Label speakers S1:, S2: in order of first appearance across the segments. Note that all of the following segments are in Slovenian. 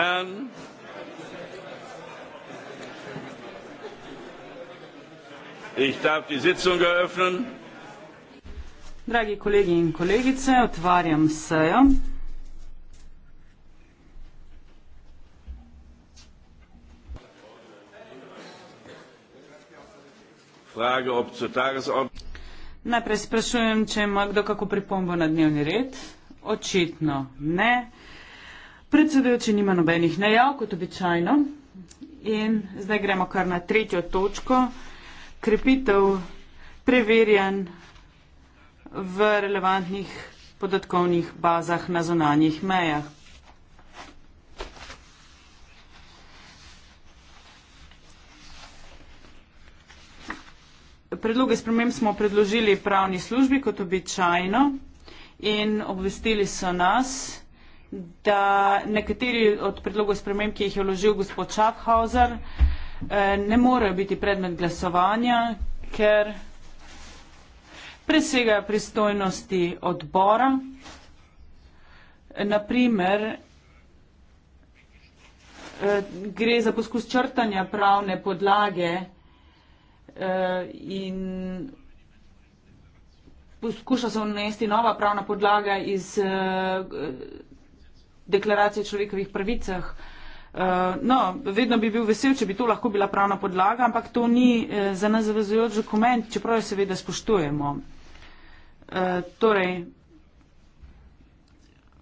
S1: and um, ich darf die Sitzung eröffnen.
S2: Dragi kolegi in kolegice, otvarjam sejo.
S1: Frage, ob zur Tagesord
S2: Najprej sprašujem, če ima kdo kako pripombo na dnevni red. Očitno ne. Predsedujoči nima nobenih najav, kot običajno. In zdaj gremo kar na tretjo točko. Krepitev preverjen v relevantnih podatkovnih bazah na zonanjih mejah. Predloge sprememb smo predložili pravni službi kot običajno in obvestili so nas, da nekateri od predlogov sprememb, ki jih je vložil gospod Schaffhauser, eh, ne morejo biti predmet glasovanja, ker presegajo pristojnosti odbora. Naprimer, eh, gre za poskus črtanja pravne podlage eh, in poskuša se vnesti nova pravna podlaga iz deklaracije o človekovih pravicah. Eh, no, vedno bi bil vesel, če bi to lahko bila pravna podlaga, ampak to ni eh, za nas zavezujoč dokument, čeprav jo seveda spoštujemo. Eh, torej,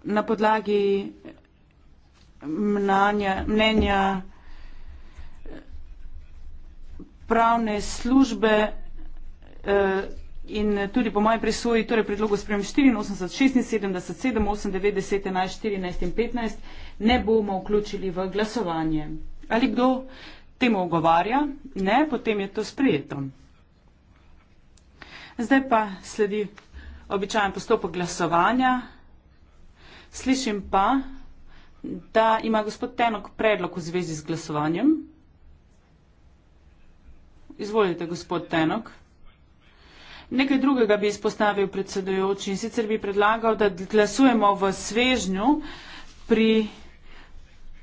S2: na podlagi mnanja, mnenja pravne službe in eh, tudi po mojem presoji, torej predlogu sprem 84, 76, 7, 8, 9, 10, 11, 14 in 15, ne bomo vključili v glasovanje. Ali kdo temu ogovarja? Ne, potem je to sprejeto. Zdaj pa sledi običajen postopek glasovanja. Slišim pa, da ima gospod Tenok predlog v zvezi z glasovanjem. Izvolite, gospod Tenok. Nekaj drugega bi izpostavil predsedujoči in sicer bi predlagal, da glasujemo v svežnju pri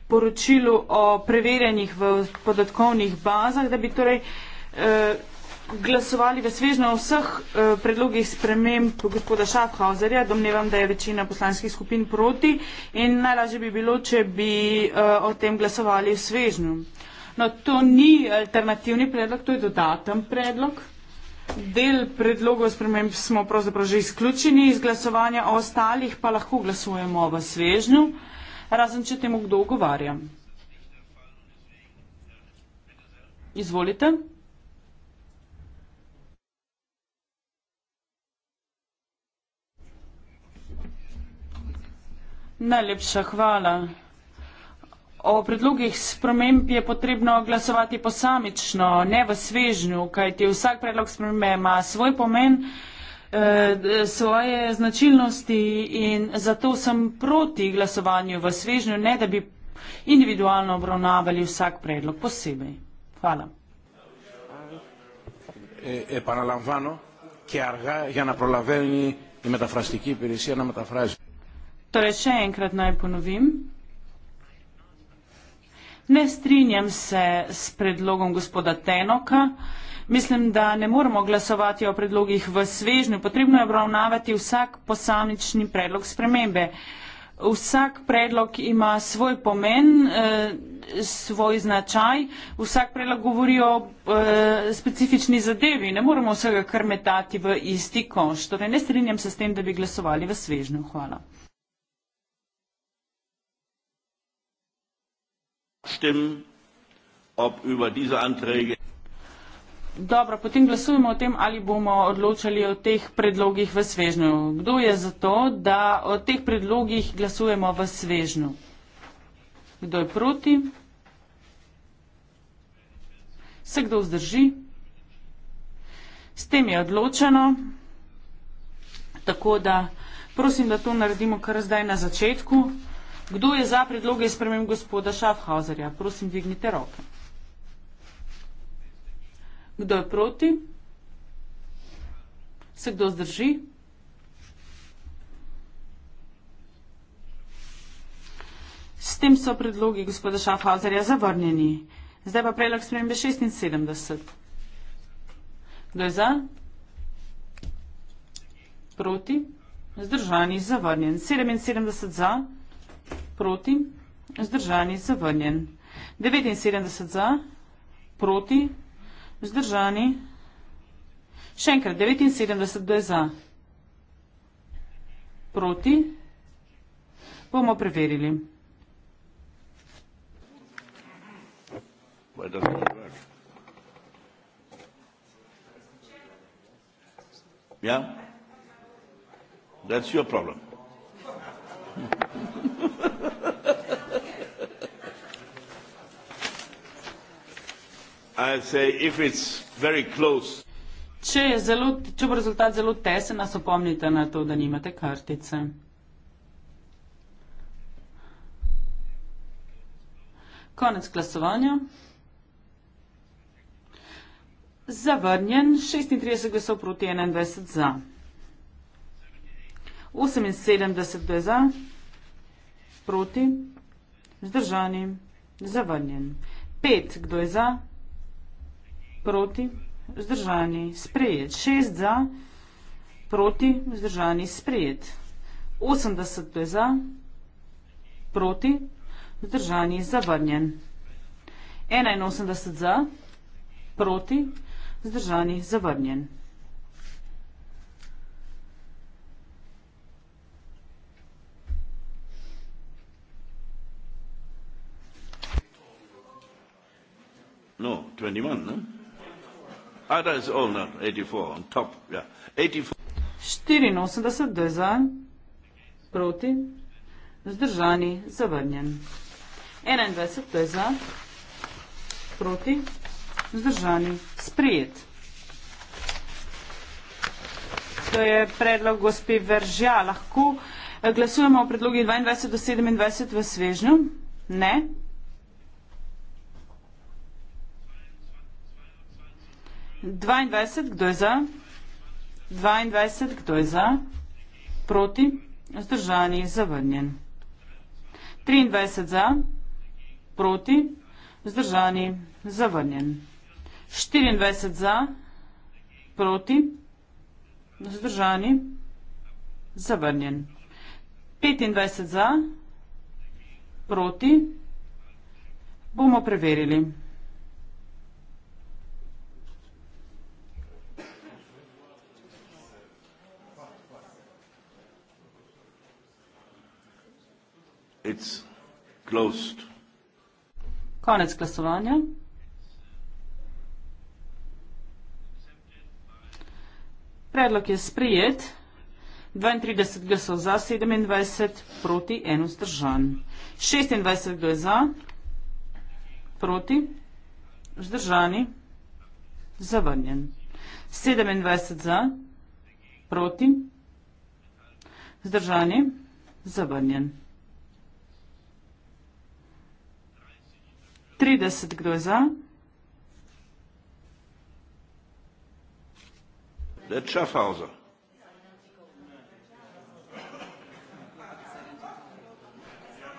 S2: poročilu o preverjanjih v podatkovnih bazah, da bi torej eh, glasovali v svežnju vseh eh, predlogih sprememb gospoda Schaffhauserja. Domnevam, da je večina poslanskih skupin proti in najlažje bi bilo, če bi eh, o tem glasovali v svežnju. No, to ni alternativni predlog, to je dodaten predlog del predlogov sprememb smo pravzaprav že izključeni iz glasovanja, o ostalih pa lahko glasujemo v svežnju, razen če temu kdo ogovarja. Izvolite. Najlepša hvala. O predlogih sprememb je potrebno glasovati posamično, ne v svežnju, kajti vsak predlog spremembe ima svoj pomen, eh, svoje značilnosti in zato sem proti glasovanju v svežnju, ne da bi individualno obravnavali vsak predlog posebej. Hvala. Torej še enkrat naj ponovim. Ne strinjam se s predlogom gospoda Tenoka. Mislim, da ne moremo glasovati o predlogih v svežnju. Potrebno je obravnavati vsak posamični predlog spremembe. Vsak predlog ima svoj pomen, eh, svoj značaj, vsak predlog govori o eh, specifični zadevi. Ne moremo vsega krmetati v isti koš. Torej, ne strinjam se s tem, da bi glasovali v svežnju. Hvala.
S1: abstimmen, ob über diese Anträge.
S2: Dobro, potem glasujemo o tem, ali bomo odločali o teh predlogih v svežnju. Kdo je za to, da o teh predlogih glasujemo v svežnju? Kdo je proti? Se kdo vzdrži? S tem je odločeno. Tako da prosim, da to naredimo kar zdaj na začetku. Kdo je za predloge spremem gospoda Šafhauserja? Prosim, dvignite roke. Kdo je proti? Se kdo zdrži? S tem so predlogi gospoda Šafhauserja zavrnjeni. Zdaj pa predlog spremembe 76. Kdo je za? Proti? Zdržani, zavrnjen. 77 za. Proti. Zdržani. Zavrnjen. 79 za. Proti. Zdržani. Še enkrat. 79 da je za. Proti. Bomo preverili.
S1: Ja? That's your problem.
S2: Če je zelo, če bo rezultat zelo tesen, nas opomnite na to, da nimate kartice. Konec glasovanja. Zavrnjen 36 glasov proti 21 za. 78 glasov za. Proti? Zdržani. Zavrnjen. Pet. Kdo je za? Proti? Zdržani. Sprejet. Šest. Za? Proti? Zdržani. Sprejet. Osemdeset. Kdo je za? Proti? Zdržani. Zavrnjen. Enainosemdeset. Za? Proti? Zdržani. Zavrnjen. Zdržani.
S1: No, 21, ne? No? Ah, da je vse, oh, no, 84, on top, ja.
S2: 84, kdo je za, proti, zdržani, zavrnjen. 21, kdo je za, proti, zdržani, sprijet. To je predlog gospe Veržja. Lahko eh, glasujemo o predlogi 22 do 27 v svežnju? Ne. 22, kdo je za? 22, kdo je za? Proti? Zdržani, zavrnjen. 23 za, proti, zdržani, zavrnjen. 24 za, proti, zdržani, zavrnjen. 25 za, proti, bomo preverili. closed. Konec glasovanja. Predlog je sprijet. 32 glasov za, 27 proti, eno zdržan. 26 glasov za, proti, zdržani, zavrnjen. 27 za, proti, zdržani, zavrnjen. 30, kdo je za?
S1: Le Schaffhauser.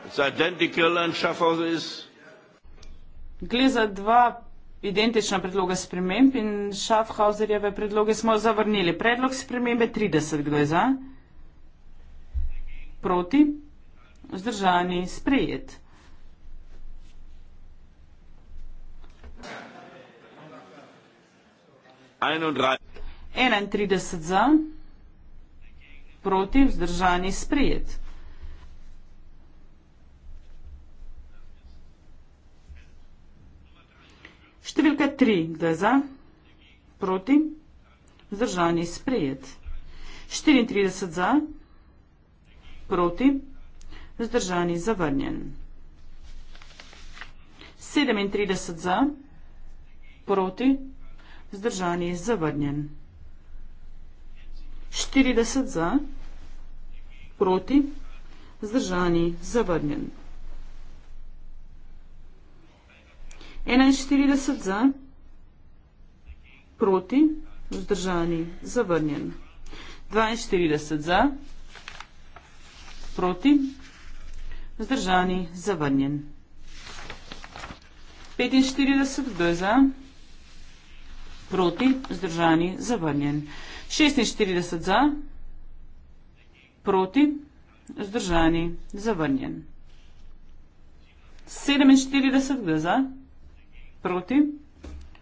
S1: It's identical and Schaffhauser is.
S2: Gre za dva identična predloga sprememb in Schaffhauserjeve predloge smo zavrnili. Predlog spremembe 30, kdo je za? Proti? Vzdržani, sprejet. 31 za, proti vzdržani sprijet. Številka 3, kdo je za, proti vzdržani sprijet. 34 za, proti vzdržani zavrnjen. 37 za, proti vzdržani zavrnjen. Zdržan je zavrnjen. 40 za, proti, zdržani, zavrnjen. 41 za, proti, zdržani, zavrnjen. 42 za, proti, zdržani, zavrnjen. 45 do za, proti, zdržani, zavrnjen proti, vzdržani, zavrnjen. 46 za, proti, vzdržani, zavrnjen. 47 za, proti,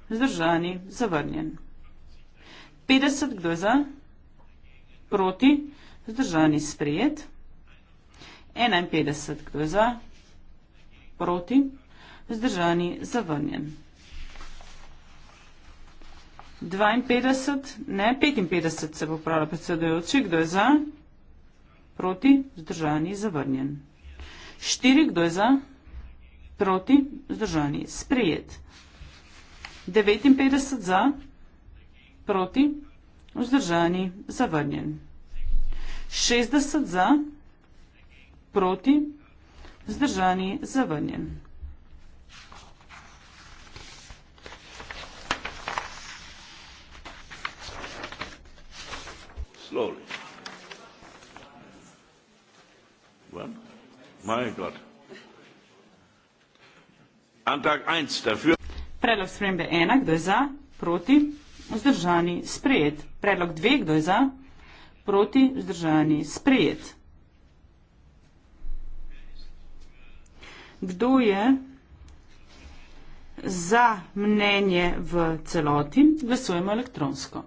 S2: vzdržani, zavrnjen. 50 za, proti, vzdržani, sprejet. 51 za, proti, vzdržani, zavrnjen. 52, ne 55 se bo pravila predsedujoči, kdo je za, proti, zdržani, zavrnjen. 4, kdo je za, proti, zdržani, sprejet. 59 za, proti, vzdržani, zavrnjen. 60 za, proti, vzdržani, zavrnjen.
S1: slowly. Well, my God. Antrag 1, dafür.
S2: Predlog spremembe 1, kdo je za, proti, vzdržani, sprejet. Predlog 2, kdo je za, proti, vzdržani, sprejet. Kdo je za mnenje v celoti, glasujemo elektronsko.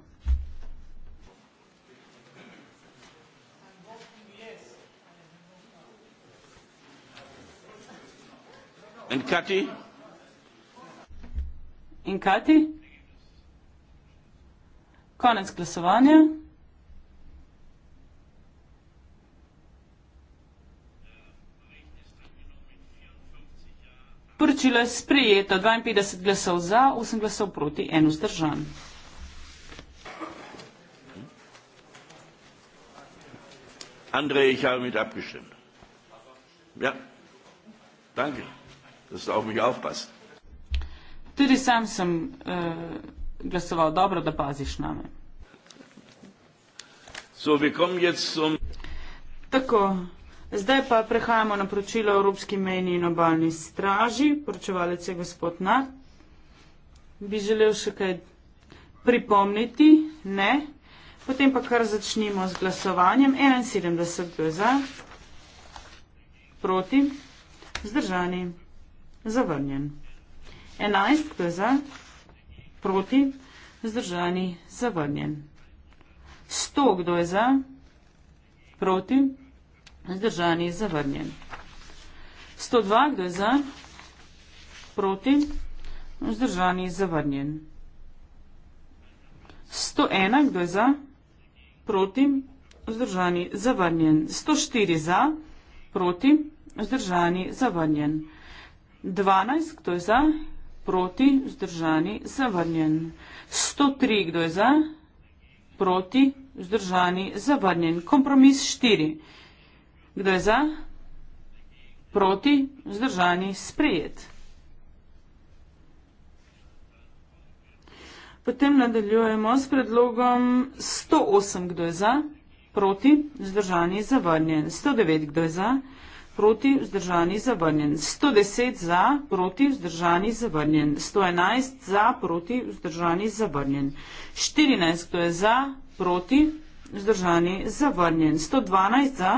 S2: In Kati? In Kati? Konec glasovanja. Poročilo je sprejeto 52 glasov za, 8 glasov proti, 1 zdržan.
S1: Andrej, ich habe mit abgestimmt. Ja, danke dass du auf mich aufpasst.
S2: Tudi sam sem äh, glasoval dobro, da paziš na me.
S1: So, zum...
S2: Tako, zdaj pa prehajamo na poročilo Evropski meni in obalni straži. Poročevalec je gospod Nar. Bi želel še kaj pripomniti? Ne. Potem pa kar začnimo z glasovanjem. 71 za, proti, zdržani zavrnjen. 11 je za, proti, zdržani, zavrnjen. 100 kdo je za, proti, zdržani, zavrnjen. 102 kdo je za, proti, zdržani, zavrnjen. 101 kdo je za, proti, zdržani, zavrnjen. 104 za, proti, zdržani, zavrnjen. 104 za, proti, zdržani, zavrnjen. 12, kdo je za, proti, vzdržani, zavrnjen. 103, kdo je za, proti, vzdržani, zavrnjen. Kompromis 4, kdo je za, proti, vzdržani, sprejet. Potem nadaljujemo s predlogom 108, kdo je za, proti, vzdržani, zavrnjen. 109, kdo je za, proti, vzdržani, zavrnjen proti vzdržani zavrnjen. 110 za, proti vzdržani zavrnjen. 111 za, proti vzdržani zavrnjen. 14, kdo je za, proti vzdržani zavrnjen. 112 za,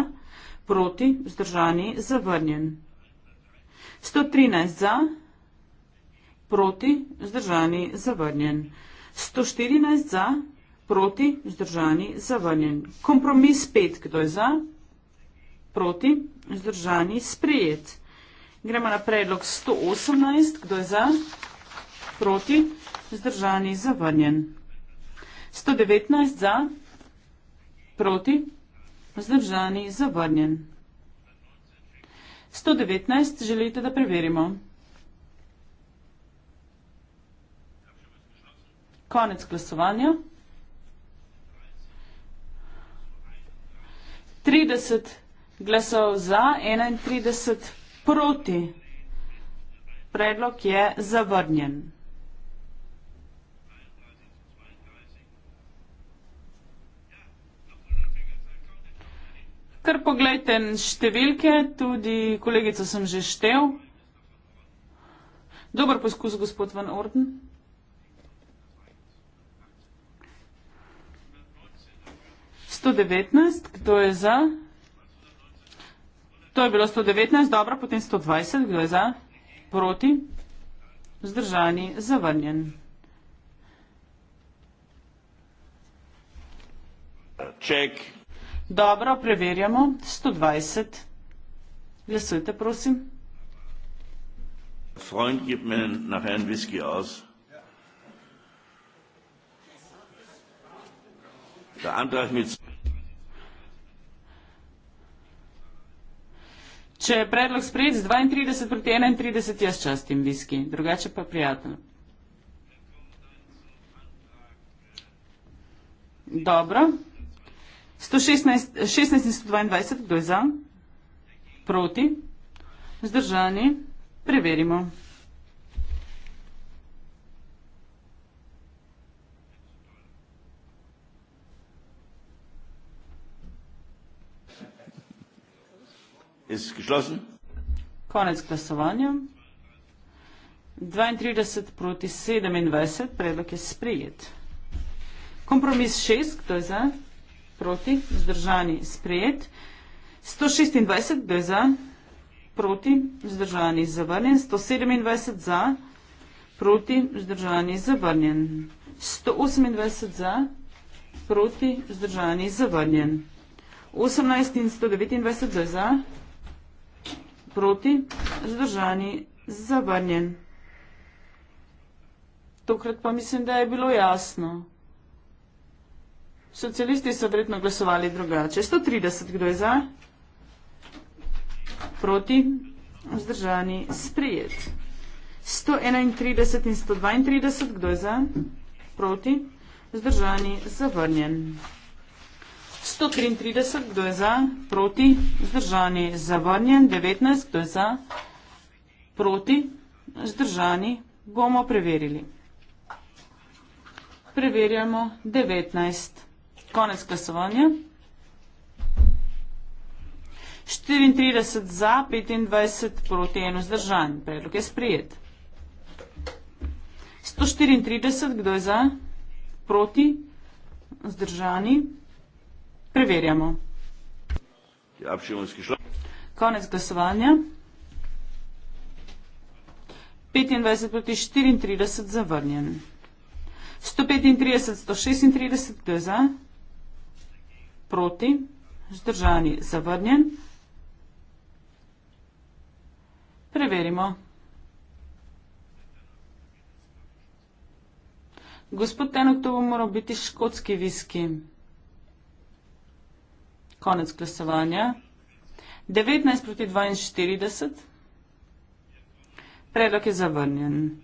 S2: proti vzdržani zavrnjen. 113 za, proti vzdržani zavrnjen. 114 za, proti vzdržani zavrnjen. Kompromis 5, kdo je za, proti vzdržani zavrnjen. Proti, vzdržani, sprejet. Gremo na predlog 118, kdo je za, proti, vzdržani, zavrnjen. 119 za, proti, vzdržani, zavrnjen. 119 želite, da preverimo. Konec glasovanja. 30 za glasov za, 31 proti. Predlog je zavrnjen. Kar pogledajte številke, tudi kolegico sem že štev. Dobar poskus, gospod Van Orden. Sto devetnajst, kdo je za? To je bilo 119, dobro, potem 120, kdo je za, proti, vzdržani, zavrnjen. Ček. Dobro, preverjamo, 120, glasujte, prosim.
S1: Freund gibt mir nachher einen Whisky aus. Der Antrag mit
S2: Če je predlog sprejet z 32 proti 31, jaz častim viski, drugače pa prijatelj. Dobro. 116 in 122, kdo je za? Proti? Zdržani? Preverimo. Konec glasovanja. 32 proti 27, predlog je sprejet. Kompromis 6, kdo je za? Proti, vzdržani, sprejet. 126, kdo je za? Proti, vzdržani, zavrnjen. 127 za, proti, vzdržani, zavrnjen. 128 za, proti, vzdržani, zavrnjen. 18 in 129, kdo je za? proti, zdržani, zavrnjen. Tokrat pa mislim, da je bilo jasno. Socialisti so vredno glasovali drugače. 130, kdo je za? Proti, vzdržani, sprijet. 131 in 132, kdo je za? Proti, vzdržani, zavrnjen. 133, kdo je za, proti, vzdržani, zavrnjen, 19, kdo je za, proti, vzdržani, bomo preverili. Preverjamo 19. Konec glasovanja. 34 za, 25 proti, 1 vzdržan. Predlog je sprijet. 134, kdo je za, proti, vzdržani, Preverjamo. Ja, Konec glasovanja. 25 proti 34 zavrnjen. 135, 136, kdo je za? Proti, zdržani, zavrnjen. Preverimo. Gospod Tenok, to bo moral biti škotski viski konec glasovanja. 19 proti 42. Predlog je zavrnjen.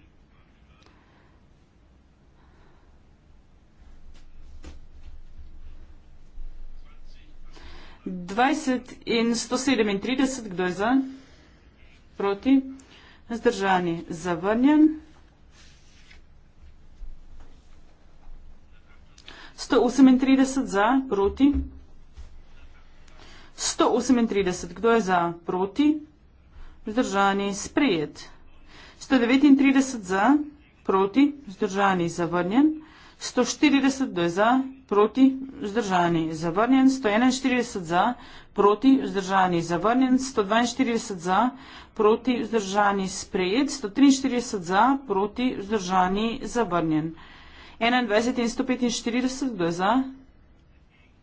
S2: Dvajset in sto sedemintrideset, kdo je za? Proti. Zdržani. Zavrnjen. Sto osemintrideset za, proti. 138, kdo je za, proti, vzdržani, sprejet. 139 za, proti, vzdržani, zavrnjen. 140, kdo je za, proti, vzdržani, zavrnjen. 141 za, proti, vzdržani, zavrnjen. 142 za, proti, vzdržani, sprejet. 143 za, proti, vzdržani, zavrnjen. 21 in 145, kdo je za,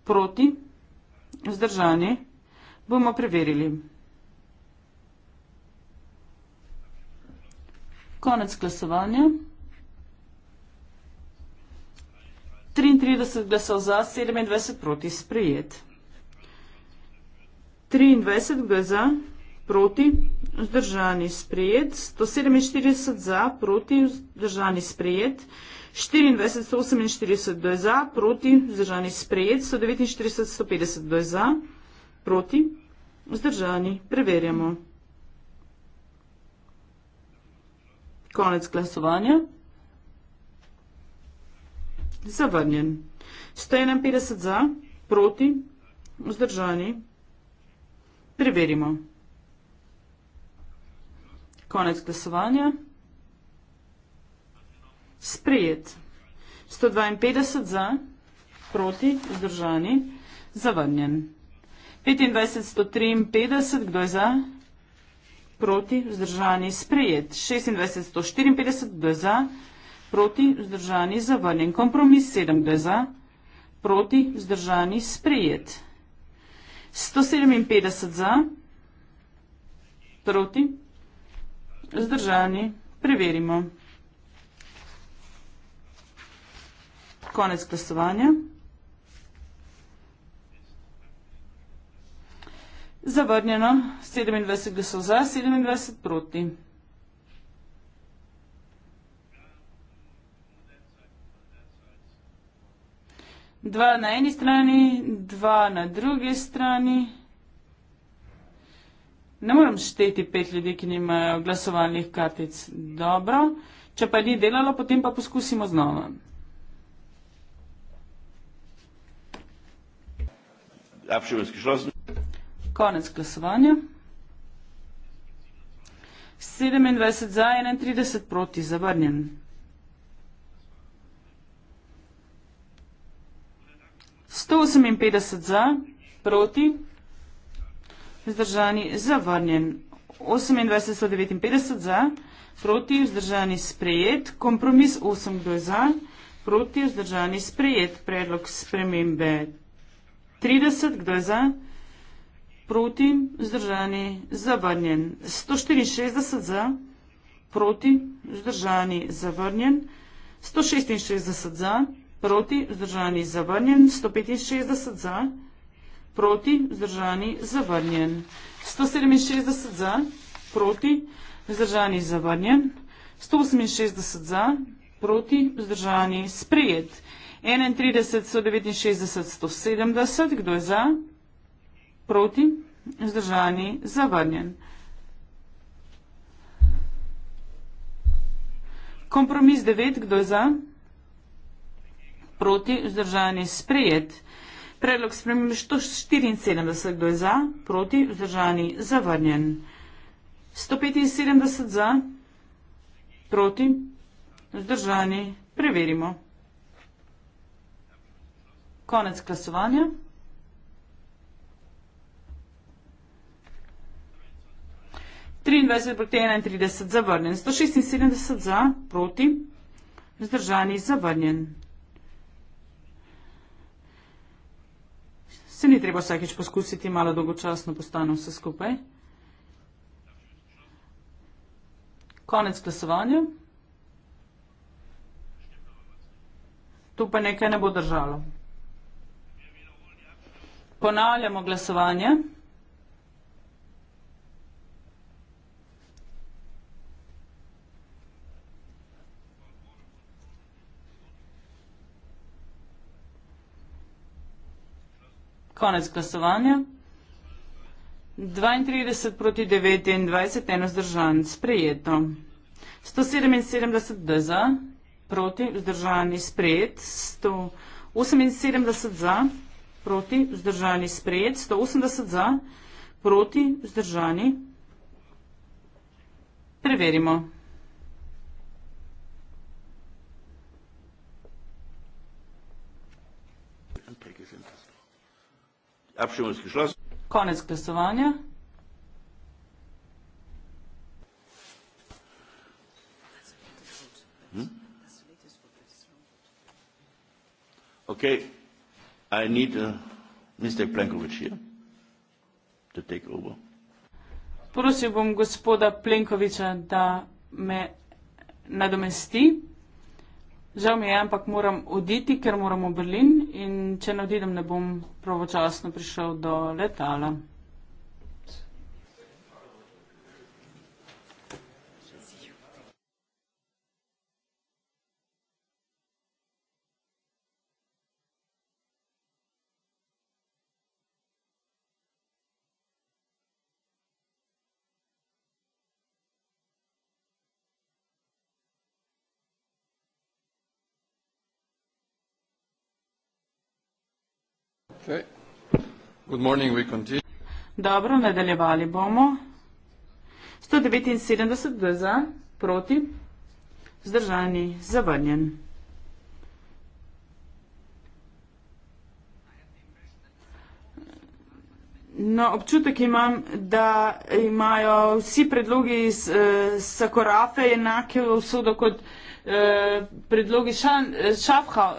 S2: proti, vzdržani, zavrnjen vzdržani, bomo preverili. Konec glasovanja. 33 glasov za, 27 proti, sprejet. 23 glasov za, proti, vzdržani, sprejet. 147 za, proti, vzdržani, sprejet. 24, 148 do je za, proti, vzdržani sprejet, 149, 150 do je za, proti, vzdržani, preverjamo. Konec glasovanja. Zavrnjen. 151 za, proti, vzdržani, preverimo. Konec glasovanja sprejet. 152 za, proti, vzdržani, zavrnjen. 25, 153, kdo je za, proti, vzdržani, sprejet. 26, 154, kdo je za, proti, vzdržani, zavrnjen. Kompromis 7, kdo je za, proti, vzdržani, sprejet. 157 za, proti, vzdržani, preverimo. konec glasovanja. Zavrnjeno, 27 glasov za, 27 proti. Dva na eni strani, dva na drugi strani. Ne moram šteti pet ljudi, ki nimajo glasovalnih kartic. Dobro, če pa ni delalo, potem pa poskusimo znova. Abstimmung ist geschlossen. Konec glasovanja. 27 za, 31 proti, zavrnjen. Sto oseminpetdeset za, proti, vzdržani, zavrnjen. Osemindvajset sto devetinpetdeset za, proti, vzdržani, sprejet. Kompromis osem, kdo je za, proti, vzdržani, sprejet. Predlog spremembe 30 kdaj za, proti, vzdržani, zavrnjen. 164 za, proti, vzdržani, zavrnjen. 166 za, proti, vzdržani, zavrnjen. 165 za, proti, vzdržani, zavrnjen. 167 za, proti, vzdržani, zavrnjen. 168 za, proti, vzdržani, sprejet enaintrideset, sto devetinšestdeset, sto sedemdeset. Kdo je za? Proti? Vzdržani? Zavrnjen. Kompromis devet, kdo je za? Proti, vzdržani, sprejet. Predlog spremembe sto štiriinsedemdeset, kdo je za? Proti, vzdržani, zavrnjen. Sto petinsedemdeset za? Proti, vzdržani, preverimo. Konec glasovanja. Trinajst proti enaintrideset zavrnjen, sto šestinsedemdeset za, proti, vzdržani zavrnjen. Se ni treba vsakeč poskusiti, malo dolgočasno postane vse skupaj. Konec glasovanja. Tu pa nekaj ne bo držalo. Ponavljamo glasovanje. Konec glasovanja. 32 proti 29, 1 zdržan, sprejeto. 177 za, proti, zdržani, sprejet. 178 za proti, vzdržani, sprejet, 180 za, proti, vzdržani. Preverimo. Konec glasovanja. Hmm?
S1: Okay. I need uh, Mr. Plenkovic here to take over.
S2: Prosil bom gospoda Plenkoviča, da me nadomesti. Žal mi je, ampak moram oditi, ker moram v Berlin in če ne odidem, ne bom pravočasno prišel do letala. Dobro, nadaljevali bomo. 179 DZ proti, zdržani, zavrnjen. No, občutek imam, da imajo vsi predlogi iz eh, Sakorafe enake usodo kot eh, Eh, predlogi eh,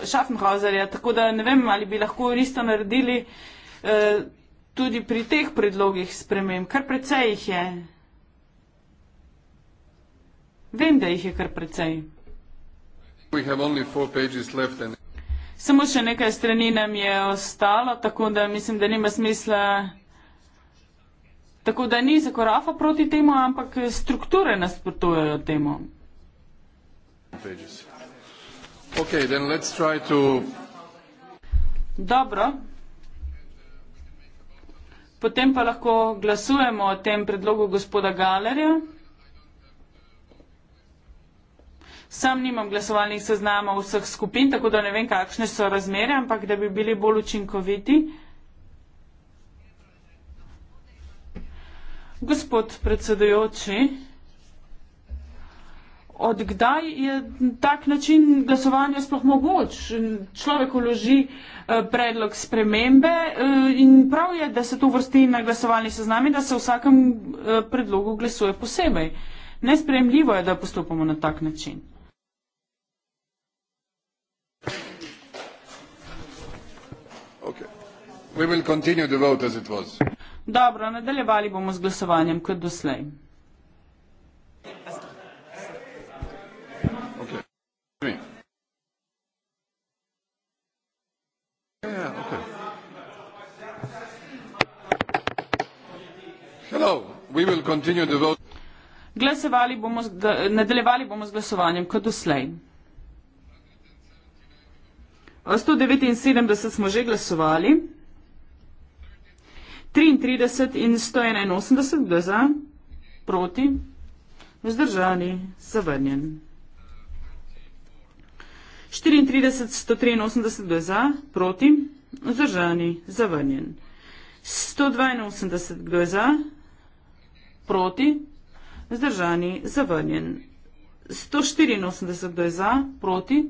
S2: Šafnhauserja, tako da ne vem, ali bi lahko isto naredili eh, tudi pri teh predlogih sprememb. Kar precej jih je. Vem, da jih je kar precej. Samo še nekaj strani nam je ostalo, tako da mislim, da nima smisla. Tako da ni zakorafa proti temu, ampak strukture nasprotujejo temu. Dobro. Potem pa lahko glasujemo o tem predlogu gospoda Galerja. Sam nimam glasovalnih seznamov vseh skupin, tako da ne vem, kakšne so razmere, ampak da bi bili bolj učinkoviti. Gospod predsedujoči od kdaj je tak način glasovanja sploh mogoč. Človek uloži eh, predlog spremembe eh, in prav je, da se to vrsti na glasovalni seznami, da se vsakem eh, predlogu glasuje posebej. Nespremljivo je, da postopamo na tak način.
S3: Okay. We will continue the vote as it was.
S2: Dobro, nadaljevali bomo z glasovanjem kot doslej. Aspen. Glasovali bomo, nadaljevali bomo z glasovanjem kot doslej. 179 smo že glasovali, 33 in 181 za, proti, vzdržani, zavrnjen. 34, 183 kdo je za, proti, vzdržani, zavrnjen. 182 kdo je za, proti, vzdržani, zavrnjen. 184 kdo je za, proti,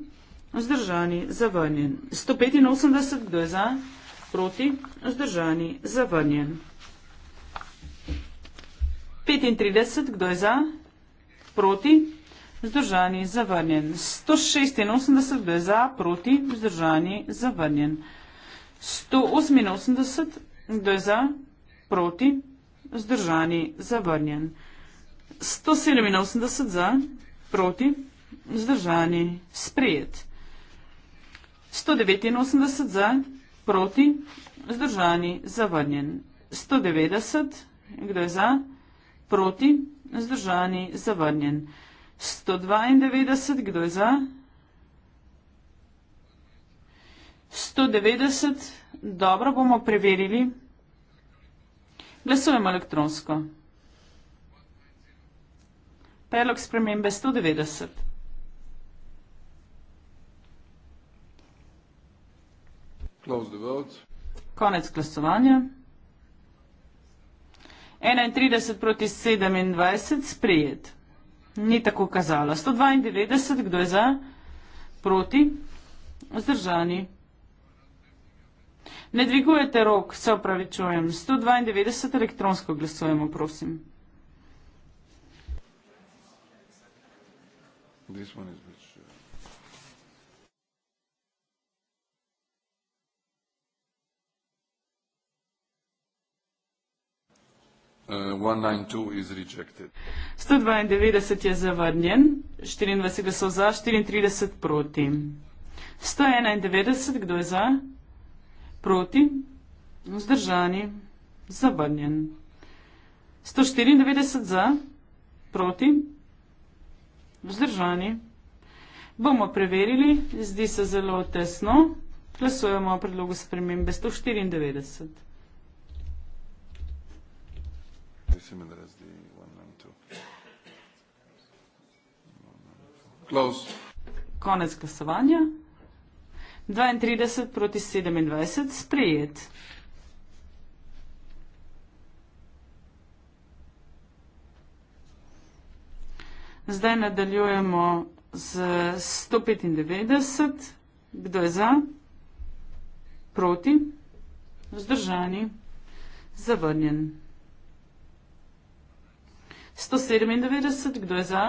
S2: vzdržani, zavrnjen. 185 kdo je za, proti, vzdržani, zavrnjen. 35 kdo je za, proti, vzdržani, zavrnjen vzdržani, zavrnjen. 186 glas za, proti, vzdržani, zavrnjen. 188 glas za, proti, vzdržani, zavrnjen. 187 za, proti, vzdržani, sprejet. 189 za, proti, vzdržani, zavrnjen. 190 glas za, proti, vzdržani, zavrnjen. 192, kdo je za? 190, dobro bomo preverili. Glasujemo elektronsko. Predlog spremembe 190. Close the vote. Konec glasovanja. 31 proti 27 sprejet ni tako kazala. 192, kdo je za? Proti? Zdržani. Ne dvigujete rok, se opravičujem. 192 elektronsko glasujemo, prosim.
S3: This one is... 192
S2: uh, je zavrnjen, 24 glasov za, 34 proti. 191, kdo je za? Proti? Vzdržani? Zavrnjen. 194 za? Proti? Vzdržani? Bomo preverili, zdi se zelo tesno. Glasujemo o predlogu spremembe 194.
S3: similar as the one and two.
S2: Close. Konec glasovanja. 32 proti 27 sprejet. Zdaj nadaljujemo z 195. Kdo je za? Proti? Zdržani? Zavrnjen? 197, kdo je za?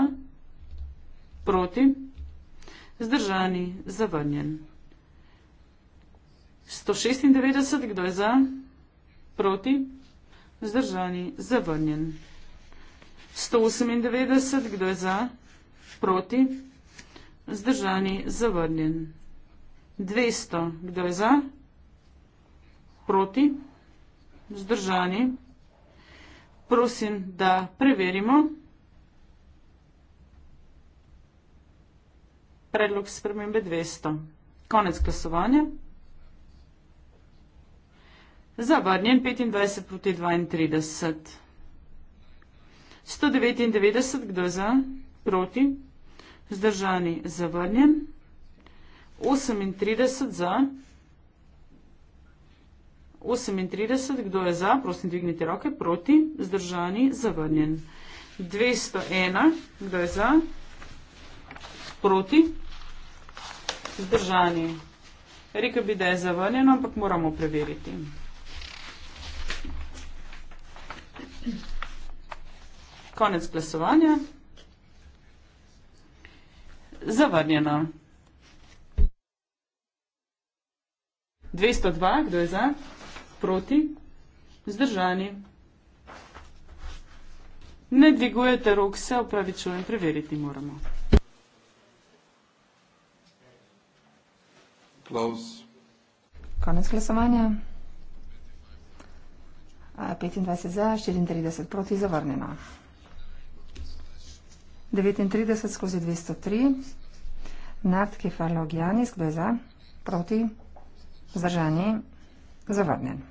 S2: Proti? Zdržani, zavrnjen. 196, kdo je za? Proti? Zdržani, zavrnjen. 198, kdo je za? Proti? Zdržani, zavrnjen. 200, kdo je za? Proti? Zdržani, zavrnjen prosim, da preverimo. Predlog spremembe 200. Konec glasovanja. Zavrnjen 25 proti 32. 199, kdo je za? Proti. Zdržani zavrnjen. 38 za. 38, kdo je za, prosim, dvignite roke, proti, zdržani, zavrnjen. 201, kdo je za, proti, zdržani. Rekel bi, da je zavrnjeno, ampak moramo preveriti. Konec glasovanja. Zavrnjeno. 202, kdo je za? proti, zdržani. Ne dvigujete rok, se opravičujem, preveriti moramo.
S3: Klaus.
S4: Konec glasovanja. 25 za, 34 proti, zavrnjeno. 39 skozi 203. Nart Kefalogijanis, kdo je za? Proti. Zdržani. Zavrnjen.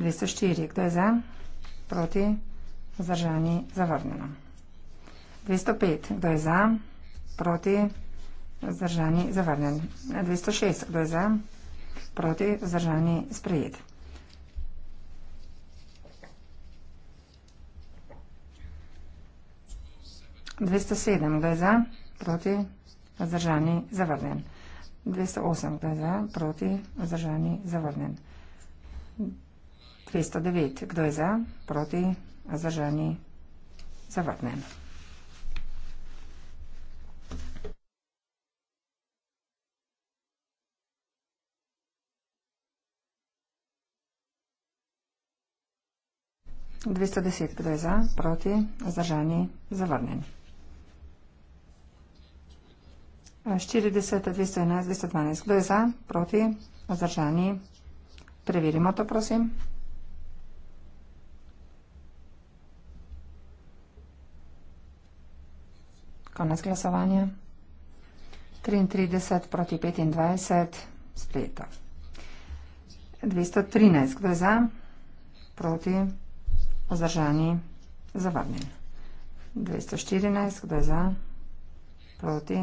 S4: 204. Kdo je za? Proti? Zdržani? Zavrnjeno. 205. Kdo je za? Proti? Zdržani? Zavrnjen. 206. Kdo je za? Proti? Zdržani? Sprejet. Dvesto sedem, kdo je za? Proti? Zdržani? Zavrnen. Dvesto osem, kdo je za? Proti? Zdržani? Zavrnen. 209. Kdo je za? Proti? Zdržani? Zavrnjen. Dvesto deset, kdo je za, proti, zdržani, zavrnjen. Štirideset, dvesto enajst, dvesto dvanajst, kdo je za, proti, zdržani, preverimo to, prosim. Dvesto deset, kdo je za, proti, zdržani, zavrnjen. Konec glasovanja. 33 proti 25, sprejeto. 213, kdo je za, proti, vzdržani, zavrnjen. 214, kdo je za, proti,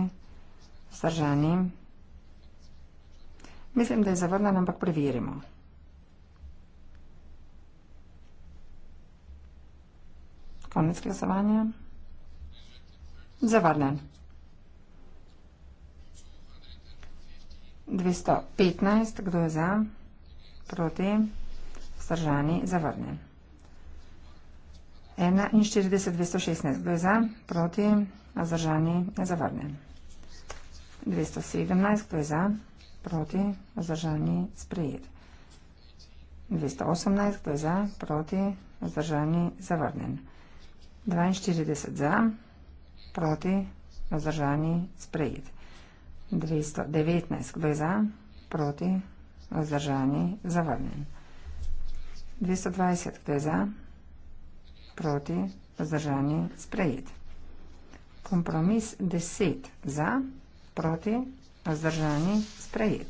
S4: vzdržani. Mislim, da je zavrnjen, ampak preverimo. Konec glasovanja. Zavrnen. 215, kdo je za? Proti. Stržani, zavrnen. 41, 216, kdo je za? Proti. Zdržani, zavrnen. 217, kdo je za? Proti. Zdržani, sprejet. 218, kdo je za? Proti. Zdržani, zavrnen. 42 za proti, vzdržani, sprejet. 219, kdo je za, proti, vzdržani, zavrnjen. 220, kdo je za, proti, vzdržani, sprejet. Kompromis 10, za, proti, vzdržani, sprejet.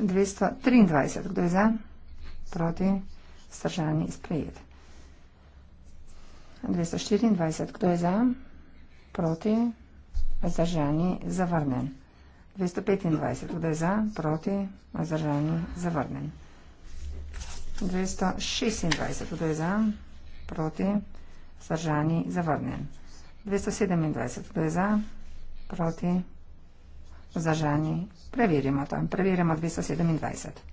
S4: Dvesto triindvajset, kdo je za? Proti, vzdržan in sprejet. 224. Kdo je za? Proti? Zdržani, zavrnen. 225. Kdo je za? Proti? Zdržani, zavrnen. 226. Kdo je za? Proti? Zdržani, zavrnen. 227. Kdo je za? Proti? Zdržani, preverimo to. Preverimo 227. 228.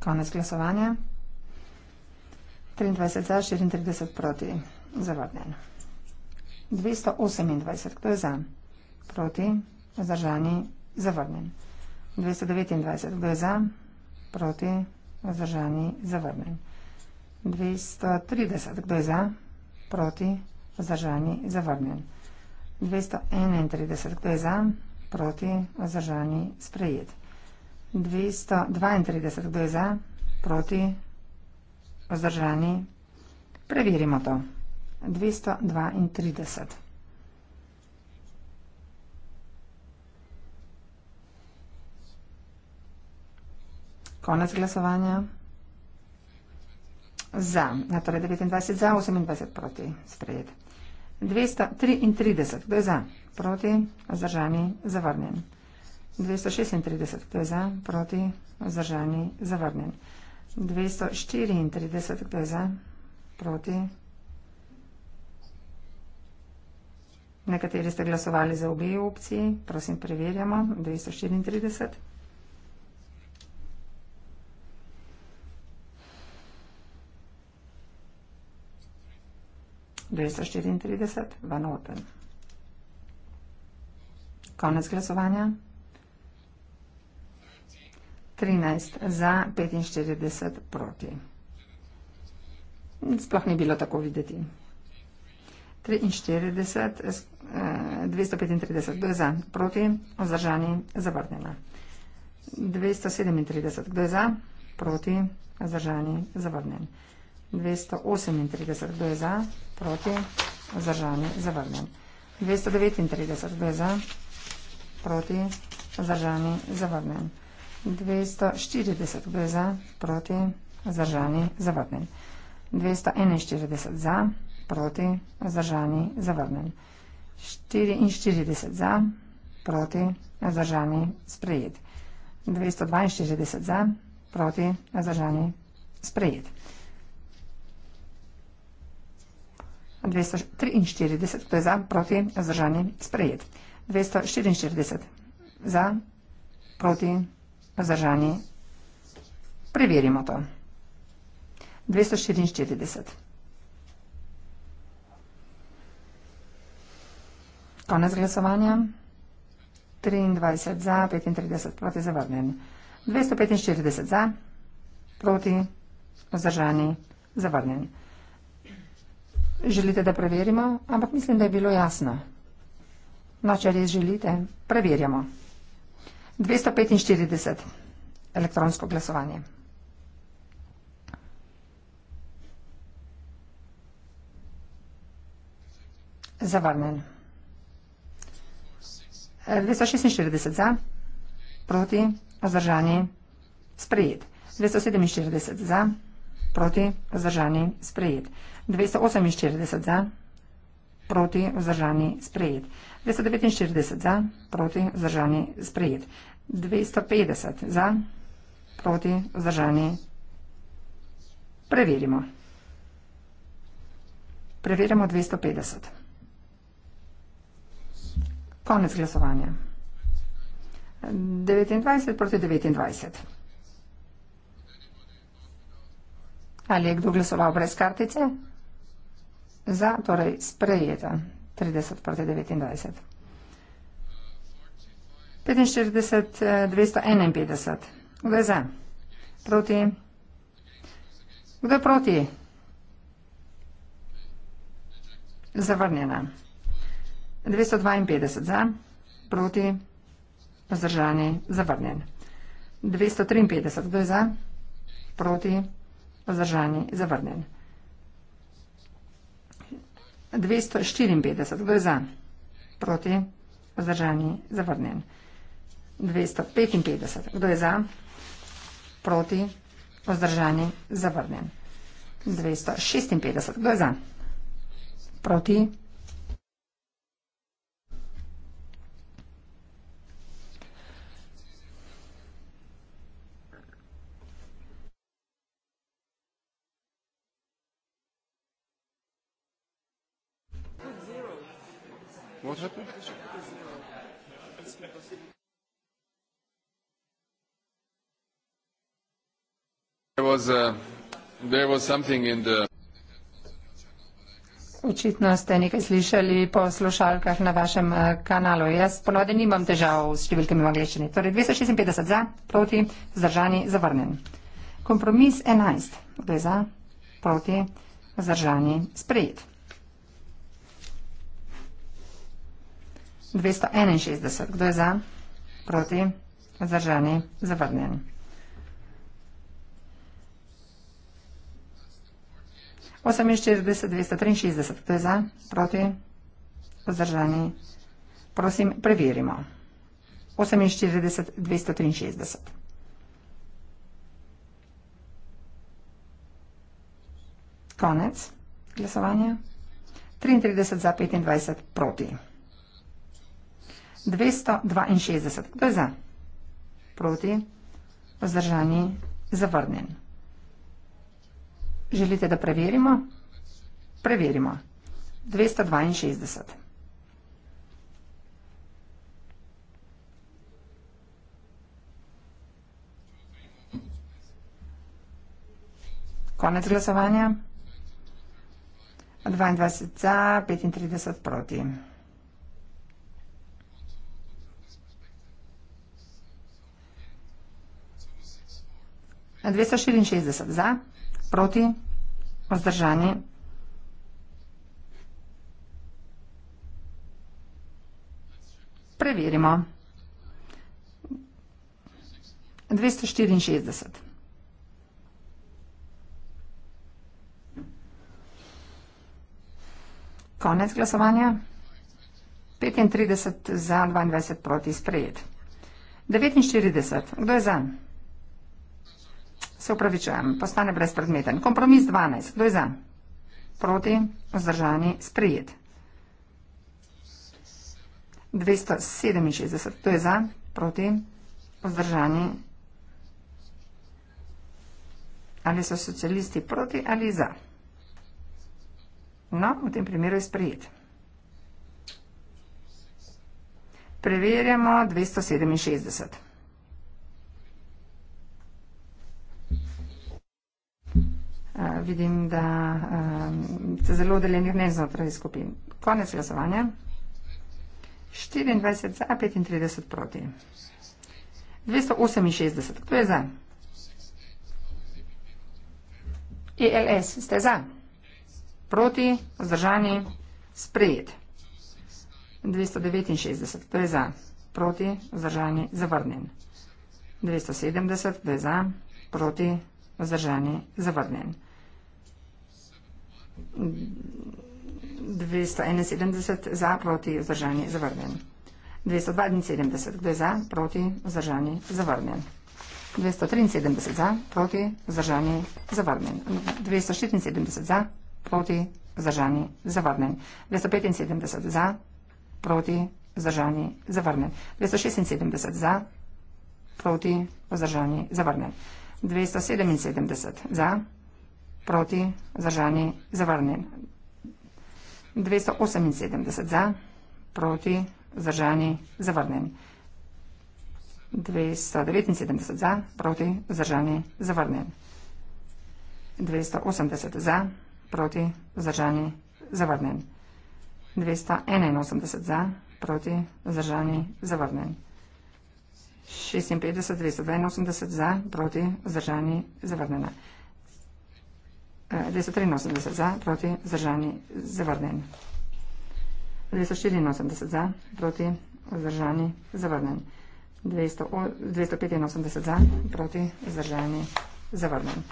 S4: Konec glasovanja. 23 za, 34 proti. Zavrnjen. 228. Kdo je za? Proti. Zdržani. Zavrnjen. 229. Kdo je za? Proti. Zdržani. Zavrnjen. 230. Kdo je za? Proti. Zdržani. Zavrnjen. 231. Kdo je za? Proti. Zdržani. Sprejet. 232. Kdo je za? Proti? Vzdržani? Preverimo to. 232. Konec glasovanja. Za. Torej 29 za, 28 proti. Sprejet. 233. Kdo je za? Proti? Vzdržani? Zavrnjen. 236, kdo je za, proti, vzdržani, zavrnjen. 234, kdo je za, proti. Nekateri ste glasovali za obe opciji, prosim, preverjamo. 234. Dvesto štiriintrideset, van open. Konec glasovanja. 13 za, 45 proti. Sploh ni bilo tako videti. 43, 235, eh, kdo je za, proti, vzdržani, zavrnjena. 237, kdo je za, proti, vzdržani, zavrnjen. 238, kdo je za, proti, vzdržani, zavrnjen. 239, kdo je za, proti, vzdržani, zavrnjen. 240, 240 gre za proti zdržani zavrnen. 241 za proti zdržani zavrnen. 44 za proti zdržani sprejet. 242 za proti zdržani sprejet. 243 gre za proti zdržani sprejet. 244 za proti zdržani sprejet. Zdržani. Preverimo to. 244. Konec glasovanja. 23 za, 35 proti zavrnjen. 245 za, proti zdržani, zavrnjen. Želite, da preverimo? Ampak mislim, da je bilo jasno. No, če res želite, preverjamo. 245 elektronsko glasovanje. Zavrnen. 246 za, proti, vzdržani, sprejet. 247 za, proti, vzdržani, sprejet. 248 za, proti, vzdržani, sprejet. 249 za, proti vzdržani sprejet. 250 za, proti vzdržani preverimo. Preverimo 250. Konec glasovanja. 29 proti 29. Ali je kdo glasoval brez kartice? Za, torej sprejeta. 30 proti 29. 45, 251. Kdo je za? Proti? Kdo je proti? Zavrnjena. 252 za, proti, vzdržani, zavrnjen. 253, kdo je za, proti, vzdržani, zavrnjen. 254. 254, kdo je za? Proti, vzdržani, zavrnjen. 255, kdo je za? Proti, vzdržani, zavrnjen. 256, kdo je za? Proti, vzdržani, zavrnjen.
S3: was uh, there was something in the
S4: Očitno ste nekaj slišali po slušalkah na vašem eh, kanalu. Jaz ponovadi nimam težav s številkami v angleščini. Torej 256 za, proti, zdržani, zavrnen. Kompromis 11. Kdo je za, proti, zdržani, sprejet. 261. Kdo je za, proti, zdržani, zavrnen. 48263, to je za, proti, vzdržani. Prosim, preverimo. 48263. Konec glasovanja. 33 za, 25 proti. 262, to je za, proti, vzdržani, zavrnjen. Želite, da preverimo? Preverimo. 262. Konec glasovanja. 22 za, 35 proti. Na 264 za. Proti? Vzdržani? Preverimo. 264. Konec glasovanja. 35 za 22 proti sprejet. 49. Kdo je za? Se upravičujem, postane brezpredmeten. Kompromis 12. Kdo je za? Proti, vzdržani, sprijet. 267. Kdo je za? Proti, vzdržani. Ali so socialisti proti ali za? No, v tem primeru je sprijet. Preverjamo 267. 267. Eh, vidim, da eh, ste zelo deljenih mnen znotraj skupin. Konec glasovanja. 24 za, 35 proti. 268, kdo je za? ELS, ste za? Proti, vzdržani, sprejet. 269, kdo je za? Proti, vzdržani, zavrnjen. 270, kdo je za? Proti, vzdržani, zavrnjen. 271. 271 za, proti, vzdržani, zavrnjen. 272, kdo je za, proti, vzdržani, zavrnjen. 273 za, proti, vzdržani, zavrnjen. 274 za, proti, vzdržani, zavrnjen. 275 za, proti, vzdržani, zavrnjen. 276 za, proti, vzdržani, zavrnjen. 277 za, proti, vzdržani, zavrnjen. 277 za, proti zdržani zavrnjen. 278 za, proti zdržani zavrnjen. 279 za, proti zdržani zavrnjen. 280 za, proti zdržani zavrnjen. 281 za, proti zdržani zavrnjen. 56, 282 za, proti zdržani zavrnjena. 283 za, proti vzdržani zavrnen. 284 za, proti vzdržani zavrnen. 285 za, proti vzdržani zavrnen.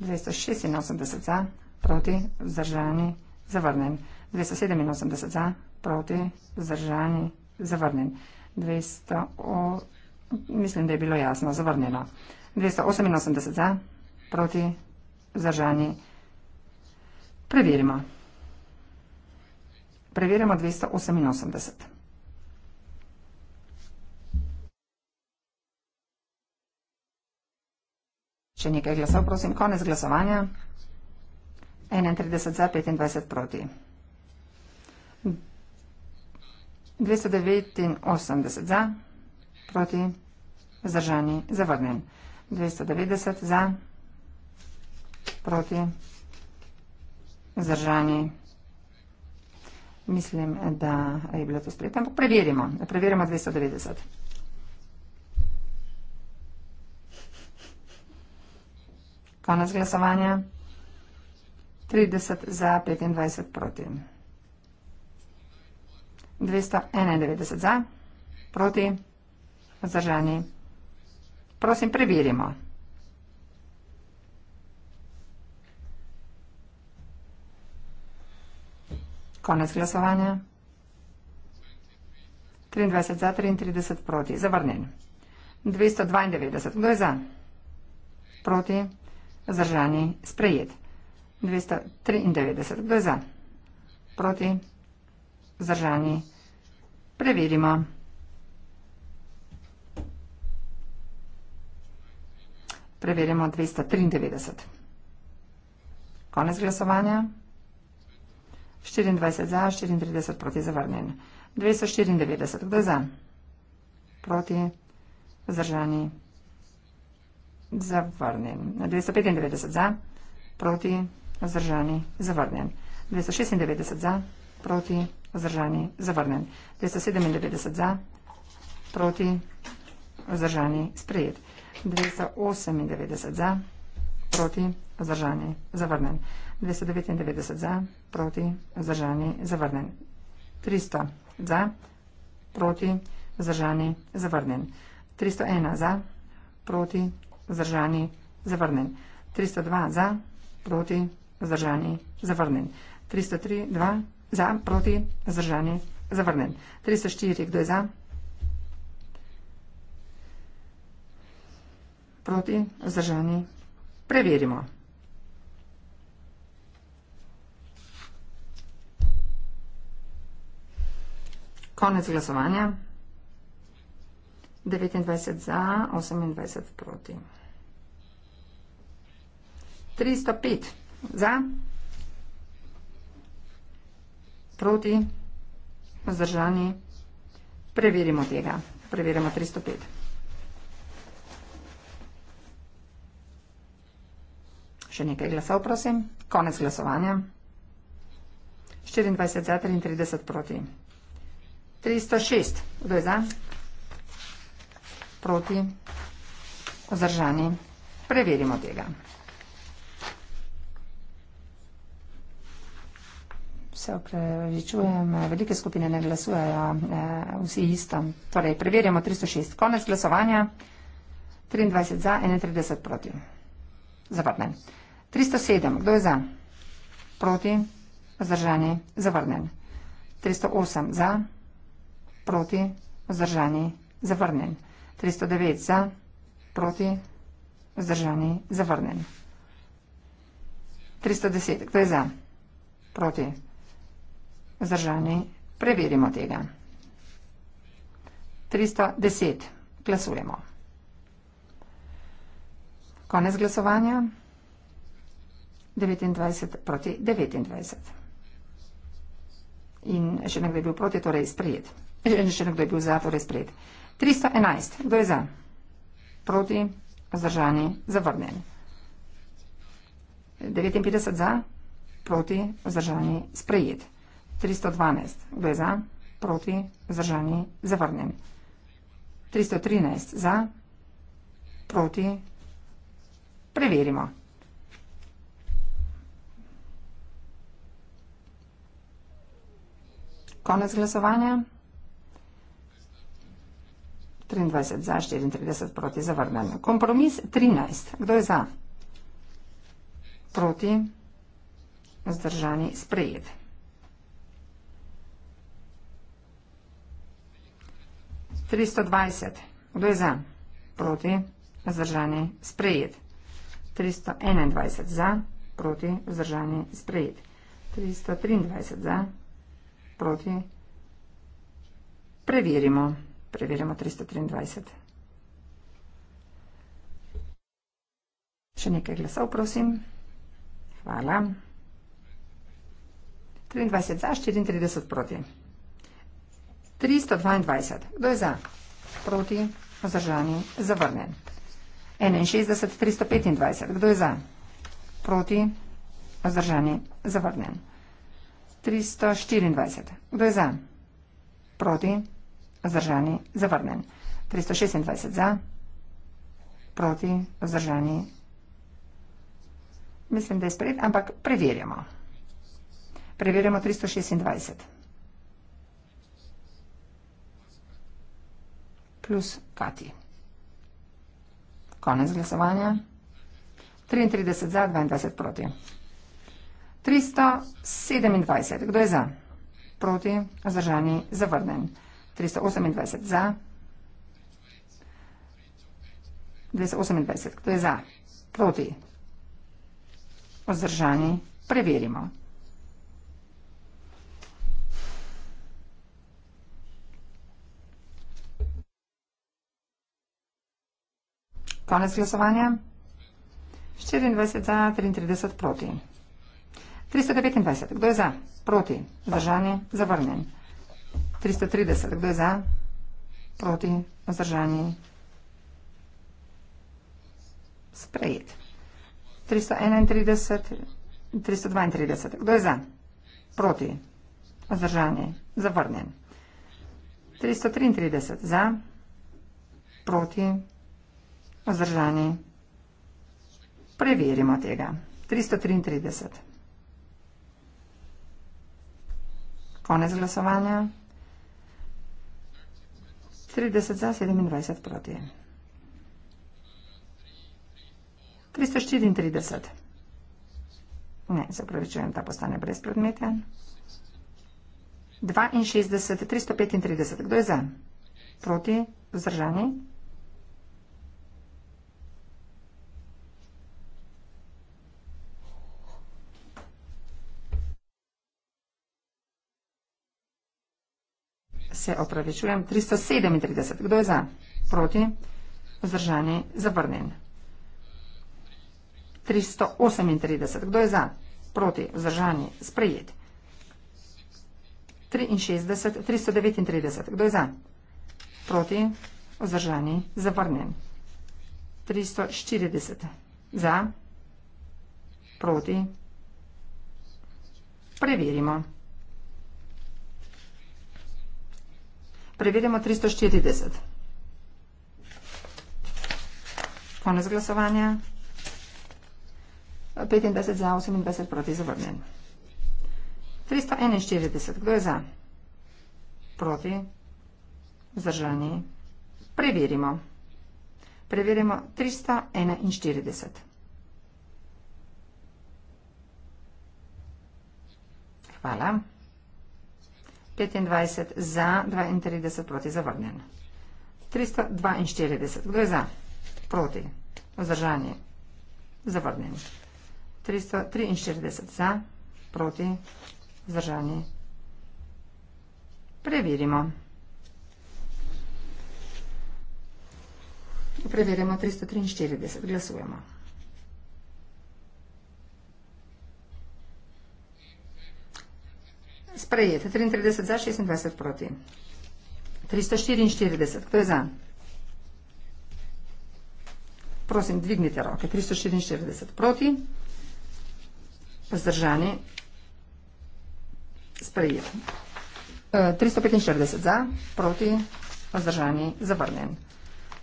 S4: 286 za, proti vzdržani zavrnen. 287 za, proti vzdržani zavrnen. 200, mislim, da je bilo jasno, zavrnjeno. 288 za, proti vzdržani zavrnen. Preverimo. Preverimo 288. Še nekaj glasov, prosim. Konec glasovanja. 31 za, 25 proti. 289 za, proti, zdržani, zavrnen. 290 za, proti, zdržani zdržani. Mislim, da je bilo to spletno, ampak preverimo. Preverimo 290. Konec glasovanja. 30 za, 25 proti. 291 za, proti, zdržani. Prosim, preverimo. Konec glasovanja. 23 za, 33 proti. Zavrnjen. 292. Kdo je za? Proti. Zdržani. Sprejet. 293. Kdo je za? Proti. Zdržani. Preverimo. Preverimo 293. Konec glasovanja. 24 za, 34 proti zavrnjen. 294, kdo za? Proti, zdržani, zavrnjen. 295 za, proti, zdržani, zavrnjen. 296 za, proti, zdržani, zavrnjen. 297 za, proti, zdržani, sprejet. 298 za, proti, zdržani, zavrnjen. 299 za, proti, vzdržani, zavrnen. 300 za, proti, vzdržani, zavrnen. 301 za, proti, vzdržani, zavrnen. 302 za, proti, vzdržani, zavrnen. 303, 2 za, proti, vzdržani, zavrnen. 304, kdo je za? Proti, vzdržani, preverimo. Konec glasovanja. 29 za, 28 proti. 305 za, proti, zdržani. Preverimo tega. Preverimo 305. Še nekaj glasov, prosim. Konec glasovanja. 24 za, 33 proti. 306. Kdo je za? Proti. Ozdržani. Preverimo tega. Vse upravičujem, velike skupine ne glasujejo, eh, vsi isto. Torej, preverjamo 306. Konec glasovanja. 23 za, 31 proti. Zavrnen. 307. Kdo je za? Proti. Zdržani. Zavrnen. 308. Za proti, vzdržani, zavrnjen. 309 za, proti, vzdržani, zavrnjen. 310, kdo je za, proti, vzdržani, preverimo tega. 310, glasujemo. Konec glasovanja, 29 proti 29. In še nekdo je bil proti, torej sprijet. Želim še nekdo je bil za, torej sprejet. 311. Kdo je za? Proti, vzdržani, zavrnjen. 59 za, proti, vzdržani, sprejet. 312. Kdo je za? Proti, vzdržani, zavrnjen. 313 za, proti, preverimo. Konec glasovanja. 23 za, 34 proti zavrnjeno. Kompromis 13. Kdo je za? Proti. Zdržani sprejet. Tristo dvajset. Kdo je za? Proti. Zdržani sprejet. Tristo enaindvajset za. Proti. Zdržani sprejet. Tristo triindvajset za. Proti. Preverimo preverimo 323. Še nekaj glasov, prosim. Hvala. 23 za, 34 proti. 322. Kdo je za? Proti, vzdržani, zavrnen. 61, 325. Kdo je za? Proti, vzdržani, zavrnen. 324. Kdo je za? Proti, vzdržani, zavrnen. Vzdržani zavrnjen. 326 za, proti, vzdržani. Mislim, da je spred, ampak preverjamo. Preverjamo 326. Plus Kati. Konec glasovanja. 33 za, 22 proti. 327. Kdo je za? Proti, vzdržani, zavrnjen. 326. 328 za. 228, kdo je za? Proti. Ozdržani. Preverimo. Konec glasovanja. 24 za, 33 proti. 329, kdo je za? Proti. Zdržani. Zavrnen. 330. Kdo je za? Proti? Vzdržani? Sprejet. 331. 332. Kdo je za? Proti? Vzdržani? Zavrnjen. 333. Za? Proti? Vzdržani? Preverimo tega. 333. Konec glasovanja. 30 za, 27 proti. 334. Ne, se upravičujem, ta postane brezpredmeten. 62, 335. Kdo je za? Proti, vzdržani. se opravičujem, 337. Kdo je za? Proti? Vzdržani? Zavrnjen. 338. Kdo je za? Proti? Vzdržani? Sprejet. 63. 339. Kdo je za? Proti? Vzdržani? Zavrnjen. 340. Za? Proti? Preverimo. Preverimo 340. Konec glasovanja. 25 za, 28 proti zavrnjen. 341. Kdo je za? Proti. Zdržani. Preverimo. Preverimo 341. Hvala. 25 za, 32 proti zavrnjen. 342. Kdo je za? Proti. Vzdržanje. Zavrnjen. 343 za, proti. Vzdržanje. Preverimo. Preverimo 343. Glasujemo. 343. sprejet. 33 za, 26 proti. 344, kdo je za? Prosim, dvignite roke. 344 proti. Pozdržani. Sprejet. 345 e, za, proti. Pozdržani, zavrnen.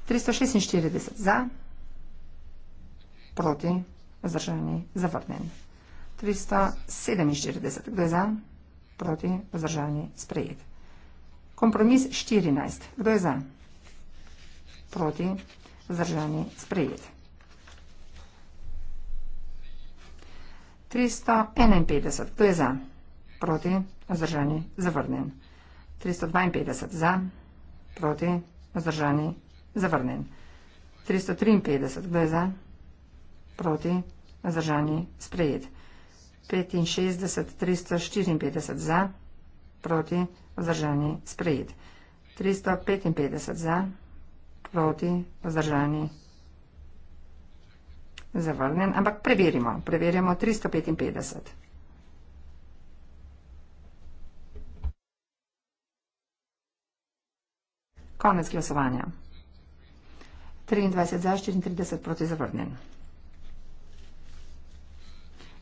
S4: 346 za, proti. Pozdržani, zavrnen. 347, kdo je za? proti vzdržanje sprejet. Kompromis 14. Kdo je za? Proti vzdržanje sprejet. 351. Kdo je za? Proti vzdržanje zavrnen. 352. Za? Proti vzdržanje zavrnen. 353. Kdo je za? Proti vzdržanje sprejet. 354. 65 354 za, proti vzdržani sprejet. 355 za, proti vzdržani zavrnjen, ampak preverimo, preverimo 355. Konec glasovanja. 23 za, 34 proti zavrnjen.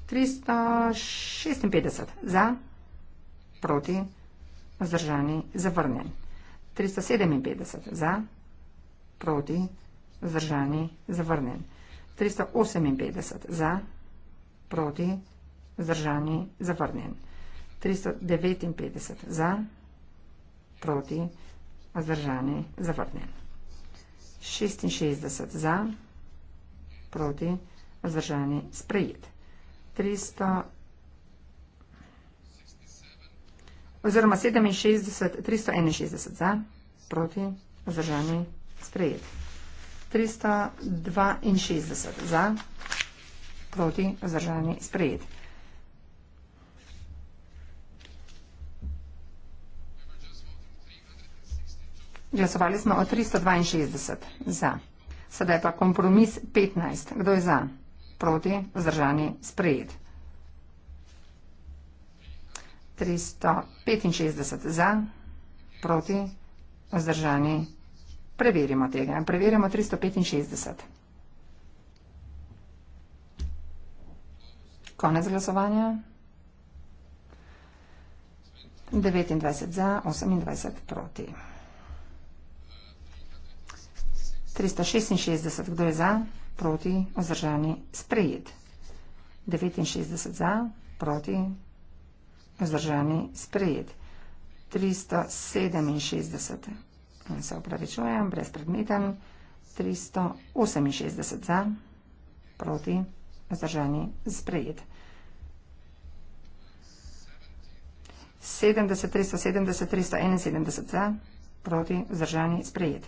S4: 356 za, proti, vzdržani, zavrnjen. 357 za, proti, vzdržani, zavrnjen. 358 za, proti, vzdržani, zavrnjen. 359 za, proti, vzdržani, zavrnjen. 66 za, proti, vzdržani, sprejet. 300, oziroma 67, 361 za, proti, vzdržani, sprejet. 362 za, proti, vzdržani, sprejet. Glasovali smo o 362 za. Sedaj pa kompromis 15. Kdo je za? 15 proti vzdržani sprejet. 365 za, proti vzdržani preverimo tega. Preverimo 365. Konec glasovanja. 29 za, 28 proti. 366, kdo je za? proti vzdržani sprejet. 69 za, proti vzdržani sprejet. 367 se upravičujem, brezpredmeten, 368 za, proti, vzdržani, sprejet. 70, 370, 371 za, proti, vzdržani, sprejet.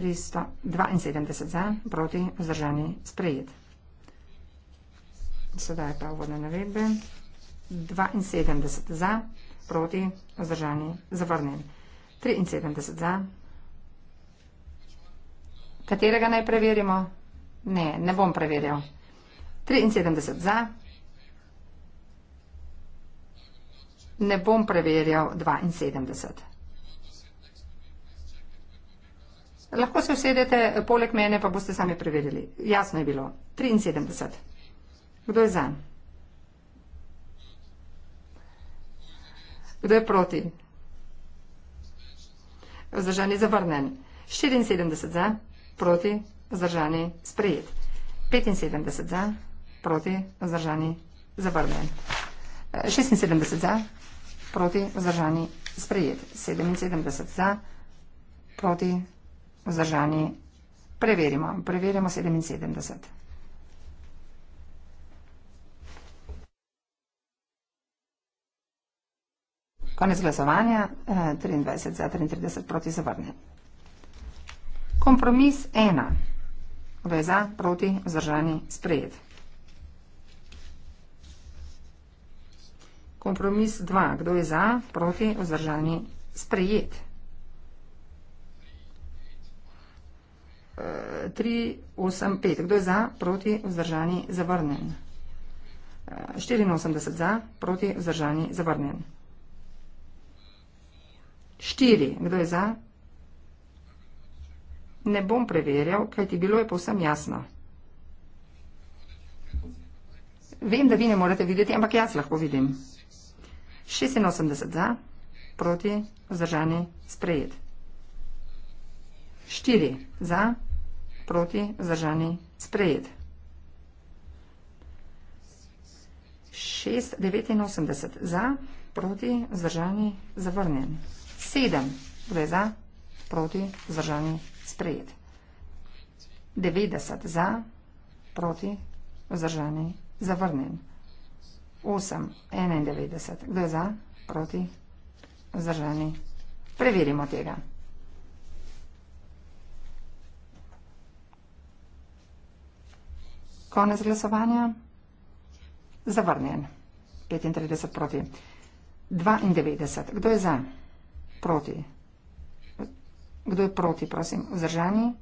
S4: 372 za, proti vzdržani sprejet. Sedaj pa uvodne navedbe. 72 za, proti vzdržani zavrnen. 73 za. Katerega naj preverimo? Ne, ne bom preverjal. 73 za. Ne bom preverjal 72. Lahko se usedete poleg mene, pa boste sami prevedeli. Jasno je bilo. 73. Kdo je za? Kdo je proti? Vzdržani zavrnen. 74 za, proti, vzdržani sprejet. 75 za, proti, vzdržani zavrnen. 76 za, proti, vzdržani sprejet. 77 za, proti, vzdržani sprejet vzdržani. Preverimo. Preverimo 77. Konec glasovanja, 23 eh, za, 33 proti zavrne. Kompromis 1. Veza proti vzdržani sprejet. Kompromis 2. Kdo je za proti vzdržani sprejet? Kompromis 2. 3, 8, 5. Kdo je za, proti, vzdržani, zavrnen? 84 za, proti, vzdržani, zavrnen. 4. Kdo je za? Ne bom preverjal, kaj ti bilo je povsem jasno. Vem, da vi ne morete videti, ampak jaz lahko vidim. 86 za, proti, vzdržani, sprejet. 4 za, proti zdržani sprejet. 6, 89 za, proti zdržani zavrnjen. 7, torej za, proti zdržani sprejet. 90 za, proti zdržani zavrnjen. 8, 91, kdo je za, proti zdržani. Preverimo tega. Konec glasovanja. Zavrnjen. 35 proti. 92. Kdo je za? Proti. Kdo je proti, prosim? Vzdržani.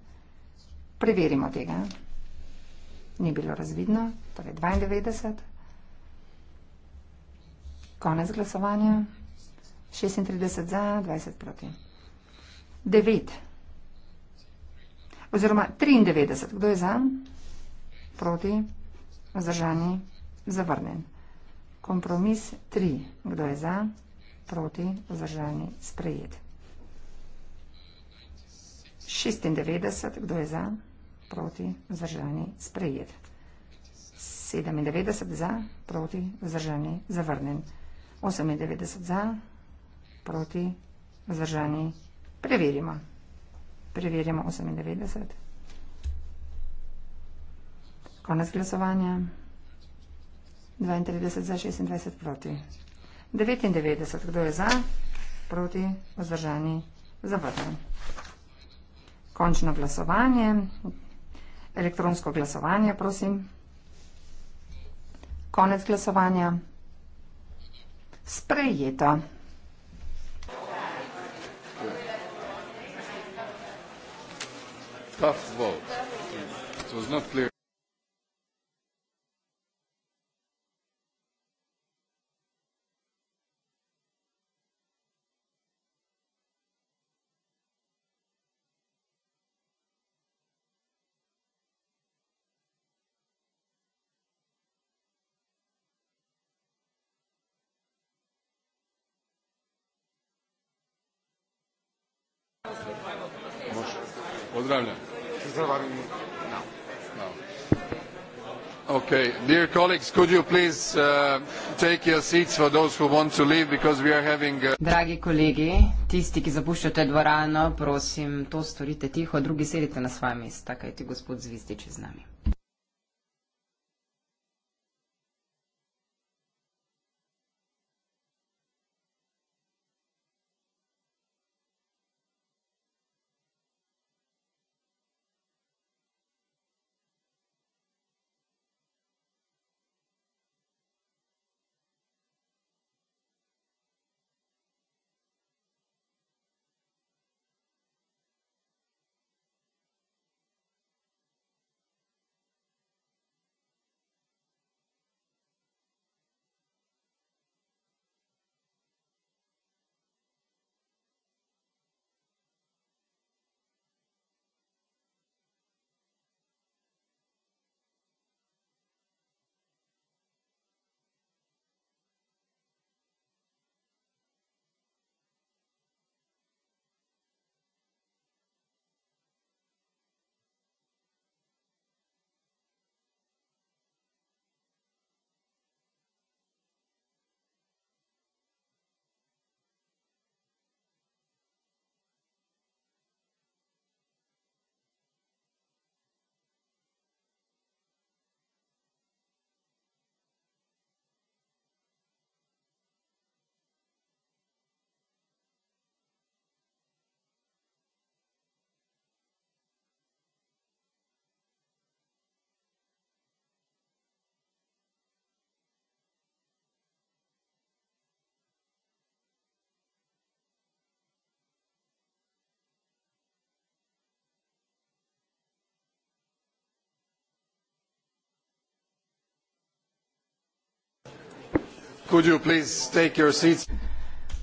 S4: Preverimo tega. Ni bilo razvidno. Torej 92. Konec glasovanja. 36 za, 20 proti. 9. Oziroma 93. Kdo je za? proti, vzdržani, zavrnen. Kompromis 3. Kdo je za, proti, vzdržani, sprejet. 96. Kdo je za, proti, vzdržani, sprejet. 97 za, proti, vzdržani, zavrnen. 98 za, proti, vzdržani, preverimo. Preverimo 98. Konec glasovanja. 92 za, 26 proti. 99, kdo je za, proti, vzdržani, zavrnen. Končno glasovanje. Elektronsko glasovanje, prosim. Konec glasovanja. Sprejeto.
S3: Tough vote. It was not clear. pozdravljam. No. No. Okay, dear colleagues, could you please uh, take your seats for those who want to leave because we are having. Uh...
S5: Dragi kolegi, tisti, ki zapuščate dvorano, prosim, to storite tiho, drugi sedite na svoje mesta, kajti gospod Zvistič je z nami.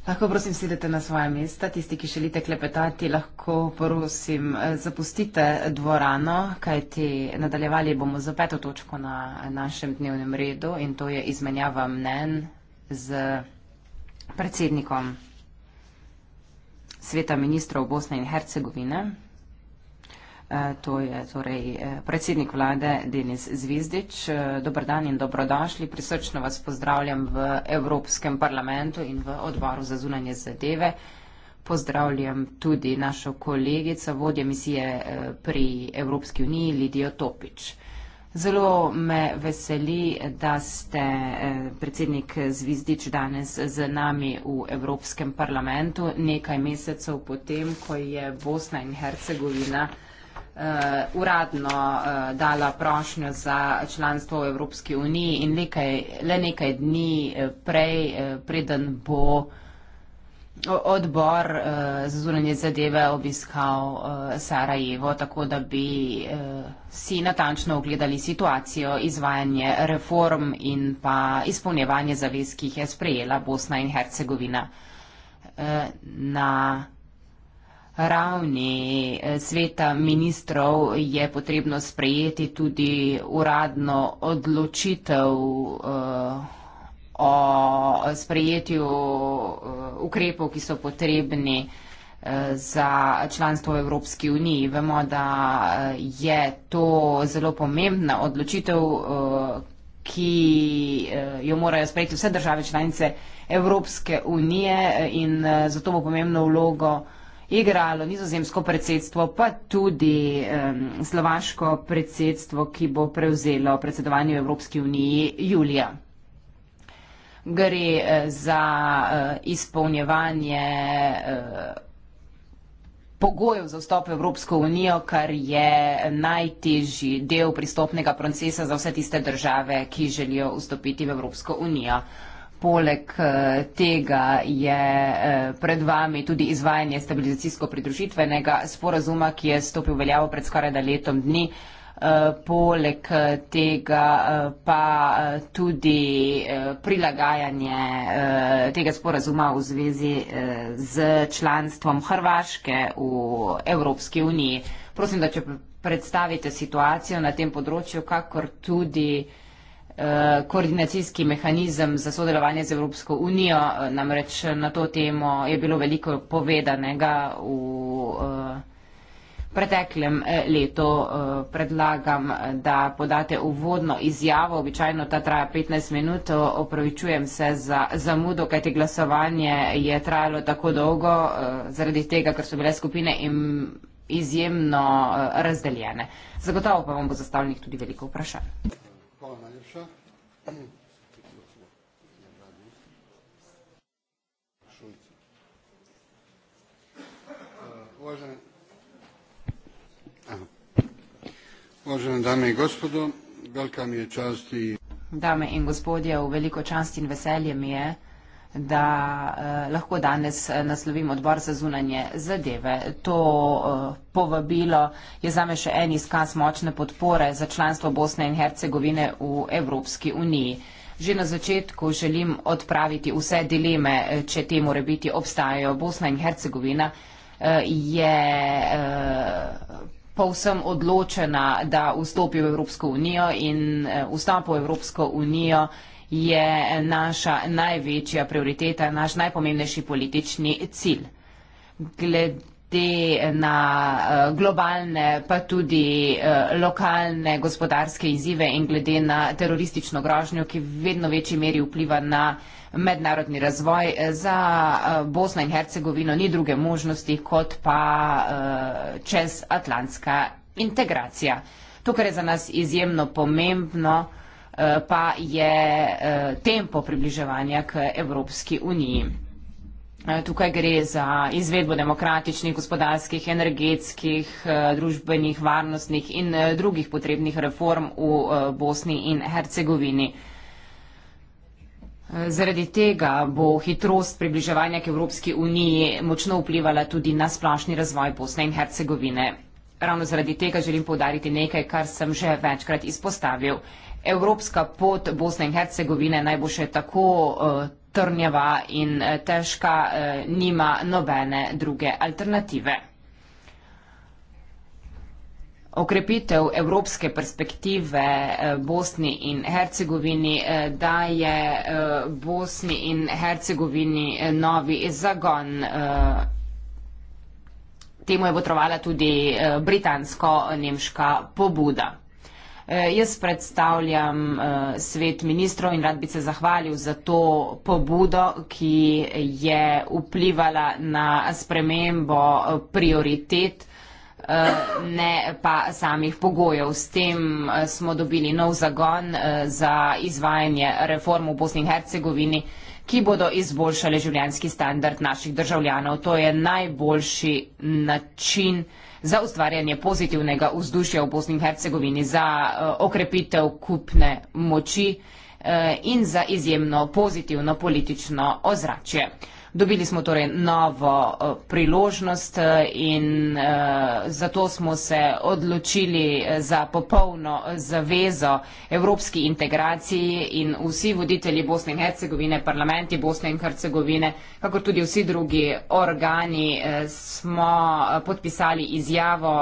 S5: Lahko prosim sedete na svoje mesta, tisti, ki želite klepetati, lahko prosim zapustite dvorano, kajti nadaljevali bomo z peto točko na našem dnevnem redu in to je izmenjava mnen z predsednikom sveta ministrov Bosne in Hercegovine. Eh, to je torej eh, predsednik vlade Denis Zvizdič. Eh, Dobar dan in dobrodošli. Prisrčno vas pozdravljam v Evropskem parlamentu in v odboru za zunanje zadeve. Pozdravljam tudi našo kolegico, vodje misije pri Evropski uniji Lidijo Topič. Zelo me veseli, da ste predsednik Zvizdič danes z nami v Evropskem parlamentu nekaj mesecev potem, ko je Bosna in Hercegovina uh, uradno uh, dala prošnjo za članstvo v Evropski uniji in nekaj, le nekaj dni eh, prej, uh, preden bo odbor uh, za zunanje zadeve obiskal uh, Sarajevo, tako da bi uh, si natančno ogledali situacijo, izvajanje reform in pa izpolnjevanje zavez, ki jih je sprejela Bosna in Hercegovina uh, na ravni eh, sveta ministrov je potrebno sprejeti tudi uradno odločitev eh, o sprejetju eh, ukrepov, ki so potrebni za članstvo v Evropski uniji. Vemo, da je to zelo pomembna odločitev, ki jo morajo sprejeti vse države članice Evropske unije in zato bo pomembno vlogo igralo nizozemsko predsedstvo, pa tudi um, slovaško predsedstvo, ki bo prevzelo predsedovanje v Evropski uniji julija. Gre eh, za uh, izpolnjevanje uh, pogojev za vstop v Evropsko unijo, kar je najtežji del pristopnega procesa za vse tiste države, ki želijo vstopiti v Evropsko unijo. Poleg eh, tega je eh, pred vami tudi izvajanje stabilizacijsko-pridružitvenega sporazuma, ki je stopil veljavo pred skoraj da letom dni. Eh, poleg tega pa tudi prilagajanje tega sporazuma v zvezi z članstvom Hrvaške v Evropski uniji. Prosim, da če predstavite situacijo na tem področju, kakor tudi Eh, koordinacijski mehanizem za sodelovanje z Evropsko unijo, eh, namreč eh, na to temo je bilo veliko povedanega v preteklem letu. Predlagam, da podate uvodno izjavo, običajno ta traja 15 minut, opravičujem se za zamudo, kajti glasovanje je trajalo tako dolgo, zaradi tega, ker so bile skupine in izjemno razdeljene. Zagotovo pa vam bo zastavljenih tudi veliko vprašanj.
S3: Uvažene dame in gospodo, velika mi je čast in... Dame in
S5: gospodje, v veliko čast in veselje mi je, da eh, lahko danes eh, naslovim odbor za zunanje zadeve. To eh, povabilo je zame še en izkaz močne podpore za članstvo Bosne in Hercegovine v Evropski uniji. Že na začetku želim odpraviti vse dileme, eh, če te more biti obstajajo. Bosna in Hercegovina eh, je eh, povsem odločena, da vstopi v Evropsko unijo in eh, vstopi v Evropsko unijo eh, je naša največja prioriteta, naš najpomembnejši politični cilj. Glede na eh, globalne, pa tudi eh, lokalne gospodarske izzive in glede na teroristično grožnjo, ki v vedno večji meri vpliva na mednarodni razvoj, eh, za Bosno in Hercegovino ni druge možnosti kot pa čez Atlantska integracija. To, kar je za nas izjemno pomembno, Eh, pa je eh, tempo približevanja k Evropski uniji. Eh, tukaj gre za izvedbo demokratičnih, gospodarskih, energetskih, družbenih, varnostnih in drugih potrebnih reform v Bosni in Hercegovini. Zaradi tega bo hitrost približevanja k Evropski uniji močno vplivala tudi na splošni razvoj Bosne in Hercegovine. Ravno zaradi tega želim povdariti nekaj, kar sem že večkrat izpostavil evropska pot Bosne in Hercegovine naj bo še tako eh, trnjava in eh, težka, eh, nima nobene druge alternative. Okrepitev evropske perspektive Bosni in Hercegovini daje Bosni in Hercegovini novi zagon. Temu je potrovala tudi britansko-nemška pobuda. Eh, jaz predstavljam eh, svet ministrov in rad bi se zahvalil za to pobudo, ki je vplivala na spremembo eh, prioritet, ne pa samih pogojev. S tem smo dobili nov zagon za izvajanje reform v Bosni in Hercegovini, ki bodo izboljšale življenski standard naših državljanov. To je najboljši način, ki je najboljši način, za ustvarjanje pozitivnega vzdušja v Bosni in Hercegovini, za eh, okrepitev kupne moči eh, in za izjemno pozitivno politično ozračje. Dobili smo torej novo eh, priložnost eh, in eh, zato smo se odločili za popolno zavezo evropski integraciji in vsi voditelji Bosne in Hercegovine, parlamenti Bosne in Hercegovine, kakor tudi vsi drugi organi smo podpisali izjavo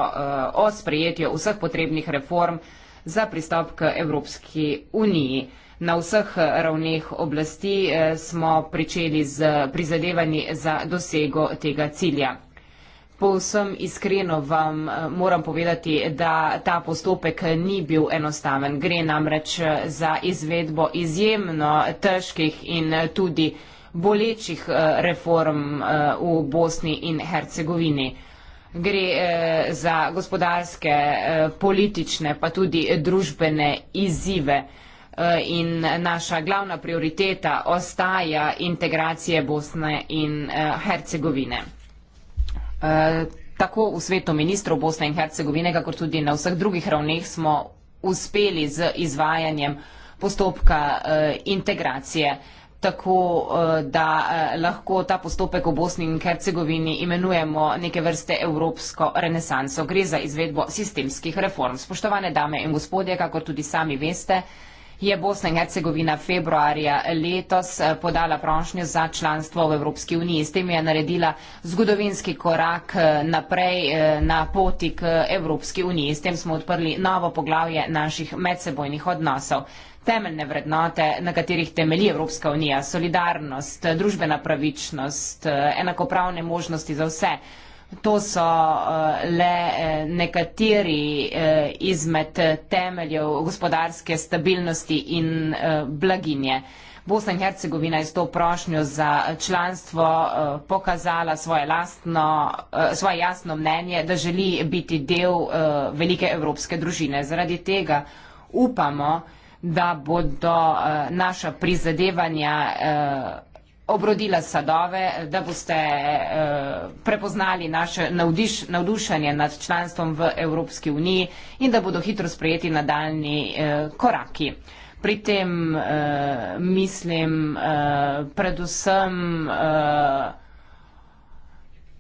S5: o sprejetju vseh potrebnih reform za pristop k Evropski uniji. Na vseh eh, ravneh oblasti eh, smo pričeli z prizadevanji za dosego tega cilja. Povsem iskreno vam eh, moram povedati, da ta postopek ni bil enostaven. Gre namreč za izvedbo izjemno težkih in tudi bolečih reform v Bosni in Hercegovini. Gre za gospodarske, politične, pa tudi družbene izzive. Eh, in naša glavna prioriteta ostaja integracije Bosne in eh, Hercegovine. Eh, tako v svetu ministrov Bosne in Hercegovine, kakor tudi na vseh drugih ravneh smo uspeli z izvajanjem postopka integracije tako da lahko ta postopek v Bosni in Hercegovini imenujemo neke vrste evropsko renesanso. Gre za izvedbo sistemskih reform. Spoštovane dame in gospodje, kako tudi sami veste, je Bosna in Hercegovina februarja letos eh, podala prošnjo za članstvo v Evropski uniji. S tem je naredila zgodovinski korak eh, naprej eh, na poti k Evropski uniji. S tem smo odprli novo poglavje naših medsebojnih odnosov. Temeljne vrednote, na katerih temelji Evropska unija, solidarnost, družbena pravičnost, enakopravne možnosti za vse. To so eh, le eh, nekateri eh, izmed temeljev gospodarske stabilnosti in blaginje. Bosna in Hercegovina je s to prošnjo za članstvo pokazala svoje, lastno, svoje jasno mnenje, da želi biti del velike evropske družine. Zaradi tega upamo, da bodo naša prizadevanja obrodila sadove, da boste uh, prepoznali naše navdiš, navdušenje nad članstvom v Evropski uniji in da bodo hitro sprejeti nadaljni uh, koraki. Pri tem uh, mislim uh, predvsem uh,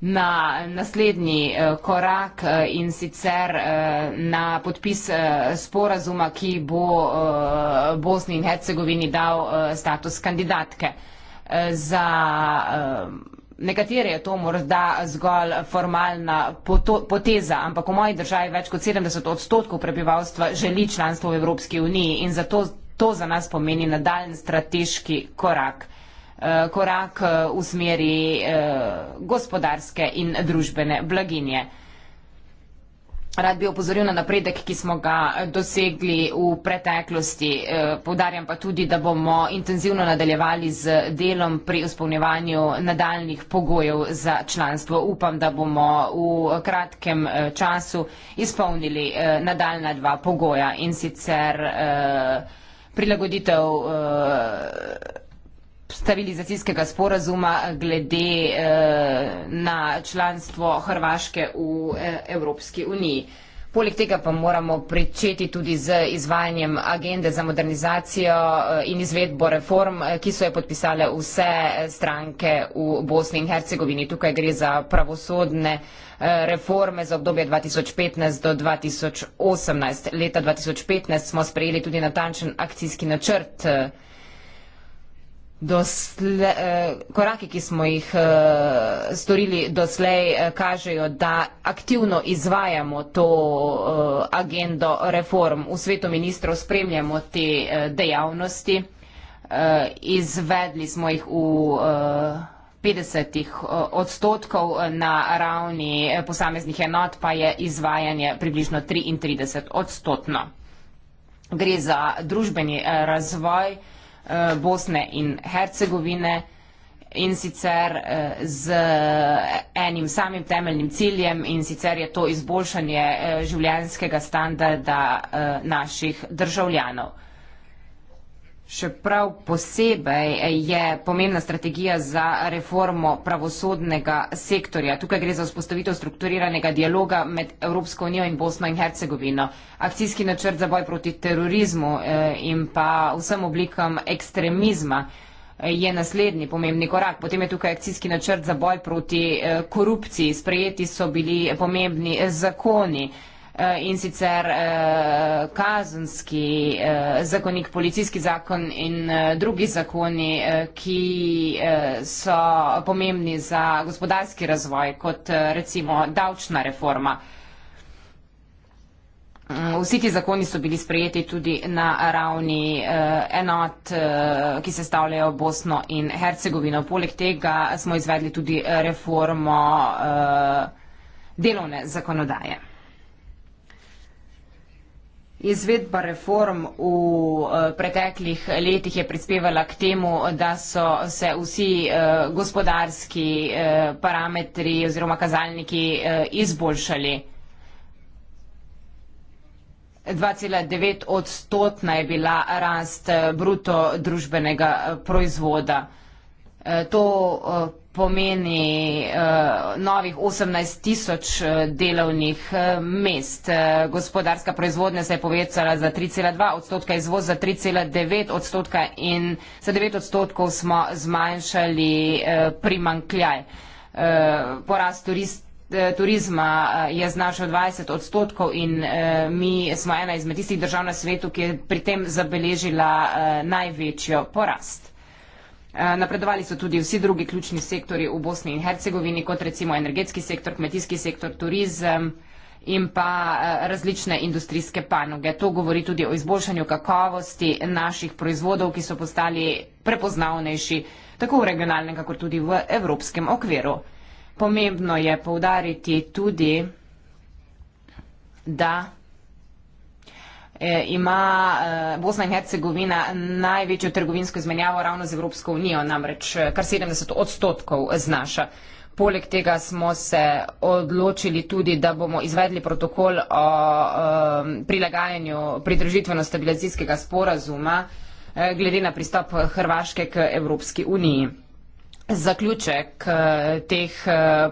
S5: na naslednji uh, korak uh, in sicer uh, na podpis uh, sporazuma, ki bo uh, Bosni in Hercegovini dal uh, status kandidatke. Uh, za ehm, nekatere je to morda zgolj formalna poteza, ampak v moji državi več kot 70 odstotkov prebivalstva želi članstvo v Evropski uniji in zato to za nas pomeni nadaljen strateški korak. Eh, korak eh, v smeri eh, gospodarske in družbene blaginje. Rad bi opozoril na napredek, ki smo ga eh, dosegli v preteklosti. Eh, Povdarjam pa tudi, da bomo intenzivno nadaljevali z delom pri izpolnjevanju nadaljnih pogojev za članstvo. Upam, da bomo v kratkem eh, času izpolnili nadaljna dva pogoja in sicer prilagoditev stabilizacijskega sporazuma glede eh, na članstvo Hrvaške v eh, Evropski uniji. Poleg tega pa moramo pričeti tudi z izvajanjem agende za modernizacijo eh, in izvedbo reform, ki so jo podpisale vse stranke v Bosni in Hercegovini. Tukaj gre za pravosodne reforme za obdobje 2015 do 2018. Leta 2015 smo sprejeli tudi natančen akcijski načrt Dosle, eh, koraki, ki smo jih eh, storili doslej, eh, kažejo, da aktivno izvajamo to eh, agendo reform. V svetu ministrov spremljamo te eh, dejavnosti. Eh, izvedli smo jih v eh, 50 eh, odstotkov eh, na ravni eh, posameznih enot, pa je izvajanje približno 33 odstotno. Gre za družbeni eh, razvoj. Eh, Bosne in Hercegovine in sicer eh, z enim samim temeljnim ciljem in sicer je to izboljšanje eh, življenjskega standarda naših državljanov. Še prav posebej je pomembna strategija za reformo pravosodnega sektorja. Tukaj gre za vzpostavitev strukturiranega dialoga med Evropsko unijo in Bosno in Hercegovino. Akcijski načrt za boj proti terorizmu eh, in pa vsem oblikam ekstremizma eh, je naslednji pomembni korak. Potem je tukaj akcijski načrt za boj proti eh, korupciji. Sprejeti so bili pomembni zakoni. Eh, in sicer eh, kazenski eh, zakonik, policijski zakon in drugi zakoni, ki so pomembni za gospodarski razvoj, kot recimo davčna reforma. Mm, vsi ti zakoni so bili sprejeti tudi na ravni enot, ki se stavljajo Bosno in Hercegovino. Poleg tega smo izvedli tudi reformo delovne zakonodaje. Izvedba reform v eh, preteklih letih je prispevala k temu, da so se vsi eh, gospodarski eh, parametri oziroma kazalniki izboljšali. 2,9 odstotna je bila rast bruto družbenega proizvoda. To pomeni uh, novih 18 tisoč eh, delovnih eh, mest. Gospodarska proizvodnja se je povečala za 3,2 odstotka, izvoz za 3,9 odstotka in za 9 odstotkov smo zmanjšali uh, primankljaj. Uh, porast turist turizma je znašel 20 odstotkov in mi smo ena izmed tistih držav na svetu, ki je pri tem zabeležila največjo porast. Eh, napredovali so tudi vsi drugi ključni sektori v Bosni in Hercegovini, kot recimo energetski sektor, kmetijski sektor, turizem in pa eh, različne industrijske panoge. To govori tudi o izboljšanju kakovosti naših proizvodov, ki so postali prepoznavnejši tako v regionalnem, kako tudi v evropskem okviru. Pomembno je poudariti tudi, da E, ima e, Bosna in Hercegovina največjo trgovinsko izmenjavo ravno z Evropsko unijo, namreč e, kar 70 odstotkov znaša. Poleg tega smo se odločili tudi, da bomo izvedli protokol o prilagajanju pridružitveno-stabilizacijskega sporazuma glede na pristop Hrvaške k Evropski uniji. Zaključek teh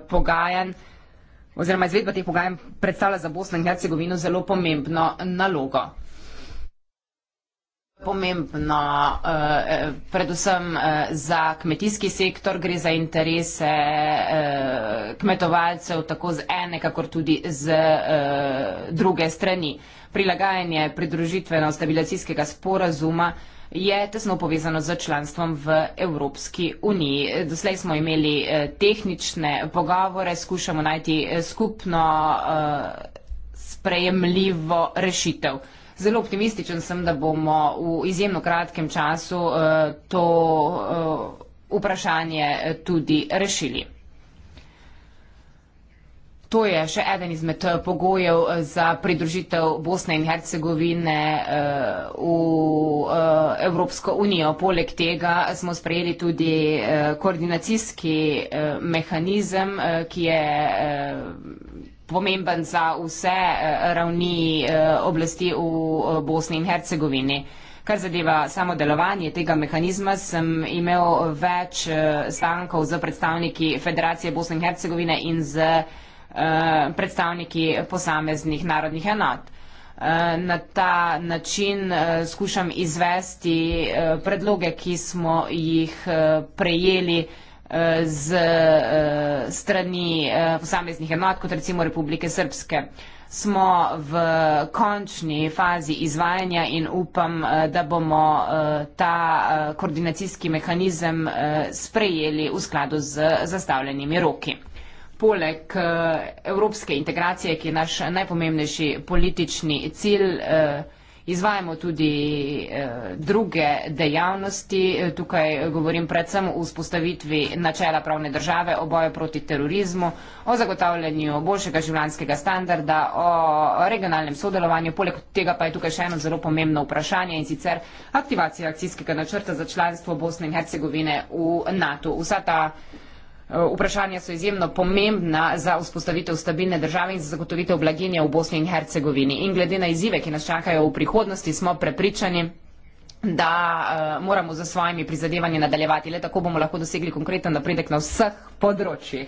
S5: pogajanj oziroma izvedba teh pogajanj predstavlja za Bosno in Hercegovino zelo pomembno nalogo. Pomembno, eh, predvsem eh, za kmetijski sektor, gre za interese eh, kmetovalcev tako z ene, kakor tudi z druge strani. Prilagajanje pridružitve na ostabilacijskega sporazuma je tesno povezano z članstvom v Evropski uniji. Doslej smo imeli eh, tehnične pogovore, skušamo najti eh, skupno eh, sprejemljivo rešitev. Zelo optimističen sem, da bomo v izjemno kratkem času to vprašanje tudi rešili. To je še eden izmed eh, pogojev eh, za pridružitev Bosne in Hercegovine eh, v Evropsko unijo. Poleg tega smo sprejeli tudi koordinacijski mehanizem, ki je pomemben za vse ravni oblasti v Bosni in Hercegovini. Kar zadeva samo delovanje tega mehanizma, sem imel več stankov z predstavniki Federacije Bosne in Hercegovine in z Eh, predstavniki posameznih narodnih enot. Eh, na ta način eh, skušam izvesti predloge, ki smo jih prejeli z strani posameznih enot, kot recimo Republike Srpske. Smo v končni fazi izvajanja in upam, da bomo ta koordinacijski mehanizem sprejeli v skladu z zastavljenimi roki poleg eh, evropske integracije, ki je naš najpomembnejši politični cilj, eh, izvajamo tudi eh, druge dejavnosti. Tukaj govorim predvsem o vzpostavitvi načela pravne države, o boju proti terorizmu, o zagotavljanju boljšega življanskega standarda, o regionalnem sodelovanju. Poleg tega pa je tukaj še eno zelo pomembno vprašanje in sicer aktivacija akcijskega načrta za članstvo Bosne in Hercegovine v NATO. Vsa ta vprašanja Eh, vprašanja so izjemno pomembna za vzpostavitev stabilne države in za zagotovitev blaginje v Bosni in Hercegovini. In glede na izzive, ki nas čakajo v prihodnosti, smo prepričani, da uh, moramo za svojimi prizadevanji nadaljevati. Le tako bomo lahko dosegli konkreten napredek na vseh področjih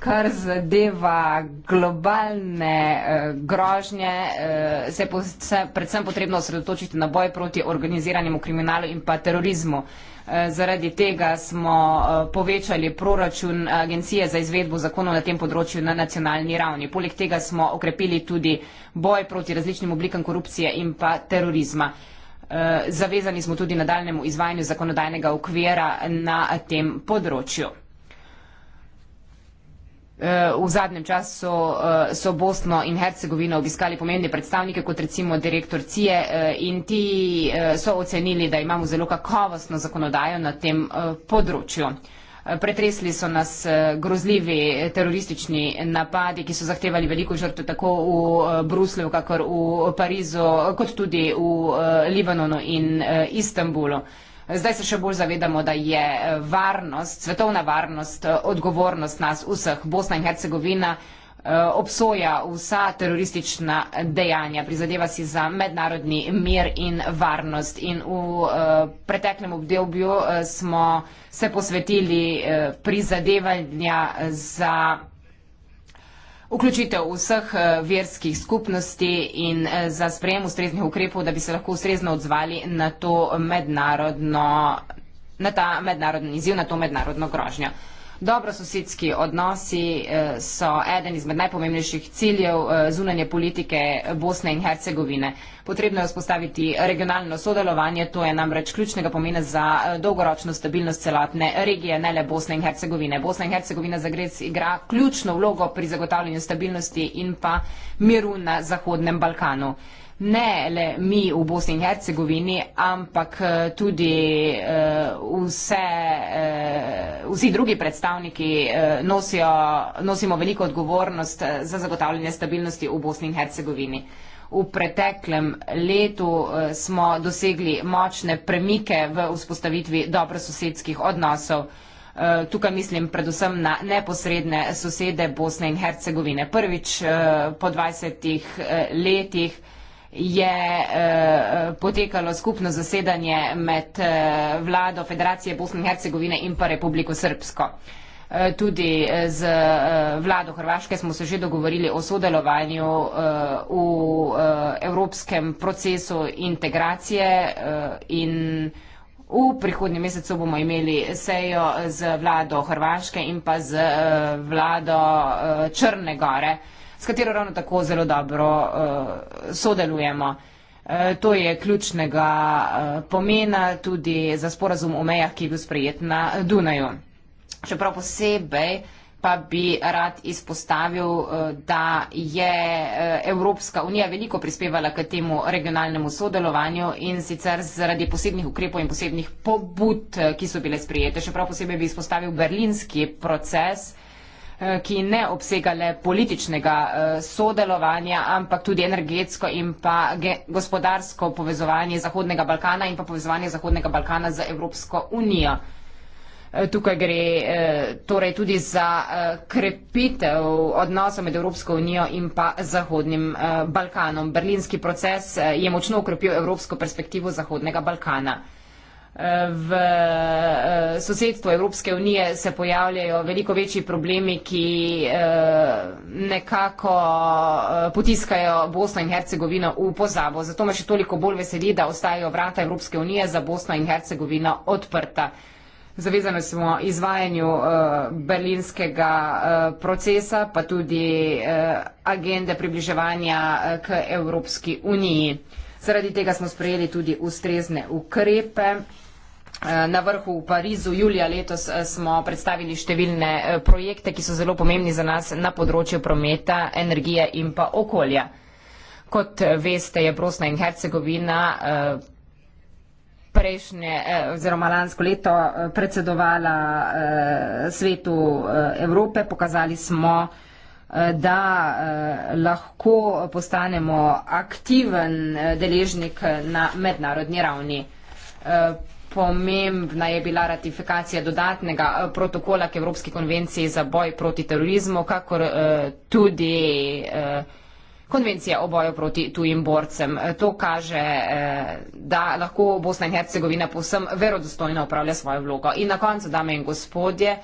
S5: kar zadeva globalne eh, grožnje, eh, se je po, predvsem potrebno osredotočiti na boj proti organiziranemu kriminalu in pa terorizmu. Eh, zaradi tega smo eh, povečali proračun eh, Agencije za izvedbo zakonov na tem področju na nacionalni ravni. Poleg tega smo okrepili tudi boj proti različnim oblikam korupcije in pa terorizma. Zavezani smo tudi nadaljemu izvajanju zakonodajnega okvira na tem področju. Eh, v zadnjem času eh, so Bosno in Hercegovino obiskali pomembne predstavnike, kot recimo direktor CIE eh, in ti so ocenili, da imamo zelo kakovostno zakonodajo na tem področju. Pretresli so nas grozljivi teroristični napadi, ki so zahtevali veliko žrtve tako v Bruslju, kakor v Parizu, kot tudi v Libanonu in Istanbulu. Zdaj se še bolj zavedamo, da je eh, varnost, svetovna varnost, eh, odgovornost nas vseh. Bosna in Hercegovina eh, obsoja vsa teroristična dejanja, prizadeva si za mednarodni mir in varnost. In v preteklem obdobju smo se posvetili prizadevanja za vključitev vseh eh, verskih skupnosti in eh, za sprejem ustreznih ukrepov, da bi se lahko ustrezno odzvali na, to mednarodno, na ta mednarodni izziv, na to mednarodno grožnjo. Dobrososedski odnosi eh, so eden izmed najpomembnejših ciljev eh, zunanje politike Bosne in Hercegovine. Potrebno je vzpostaviti regionalno sodelovanje, to je namreč ključnega pomena za eh, dolgoročno stabilnost celotne regije, ne le Bosne in Hercegovine. Bosna in Hercegovina za Grec igra ključno vlogo pri zagotavljanju stabilnosti in pa miru na Zahodnem Balkanu ne le mi v Bosni in Hercegovini, ampak eh, tudi uh, vse, uh, vsi drugi predstavniki uh, nosijo, nosimo veliko odgovornost za zagotavljanje stabilnosti v Bosni in Hercegovini. V preteklem letu uh, smo dosegli močne premike v vzpostavitvi dobrososedskih odnosov. Tukaj mislim predvsem na neposredne sosede Bosne in Hercegovine. Prvič po 20 letih je eh, potekalo skupno zasedanje med eh, vlado Federacije Bosne in Hercegovine in pa Republiko Srpsko. Eh, tudi eh, z eh, vlado Hrvaške smo se že dogovorili o sodelovanju eh, v eh, evropskem procesu integracije eh, in v prihodnjem mesecu bomo imeli sejo z vlado Hrvaške in pa z eh, vlado eh, Črne Gore. Eh, s katero ravno tako zelo dobro uh, sodelujemo. Uh, to je ključnega uh, pomena tudi za sporazum o mejah, ki je bil sprejet na Dunaju. Čeprav posebej pa bi rad izpostavil, da je Evropska unija veliko prispevala k temu regionalnemu sodelovanju in sicer zaradi posebnih ukrepov in posebnih pobud, ki so bile sprijete. Še prav posebej bi izpostavil berlinski proces, Eh, ki ne obsega le političnega eh, sodelovanja, ampak tudi energetsko in pa gospodarsko povezovanje Zahodnega Balkana in pa povezovanje Zahodnega Balkana z Evropsko unijo. Eh, tukaj gre torej tudi za krepitev odnosov med Evropsko unijo in pa Zahodnim Balkanom. Berlinski proces je močno ukrepil evropsko perspektivo Zahodnega Balkana v eh, sosedstvu Evropske unije se pojavljajo veliko večji problemi, ki eh, nekako eh, potiskajo Bosno in Hercegovino v pozabo. Zato me še toliko bolj veseli, da ostajajo vrata Evropske unije za Bosno in Hercegovino odprta. Zavezani smo izvajanju berlinskega procesa, pa tudi agende približevanja k Evropski uniji. Zaradi tega smo sprejeli tudi ustrezne ukrepe. Eh, na vrhu v Parizu julija letos eh, smo predstavili številne eh, projekte, ki so zelo pomembni za nas na področju prometa, energije in pa okolja. Kot veste, je Brosna in Hercegovina prejšnje oziroma lansko leto predsedovala svetu Evrope. Pokazali smo, da lahko postanemo aktiven deležnik na mednarodni ravni pomembna je bila ratifikacija dodatnega eh, protokola k Evropski konvenciji za boj proti terorizmu, kakor uh, tudi uh, konvencija o boju proti tujim borcem. To kaže, uh, da lahko Bosna in Hercegovina posem verodostojno upravlja svojo vlogo. In na koncu, dame in gospodje, uh,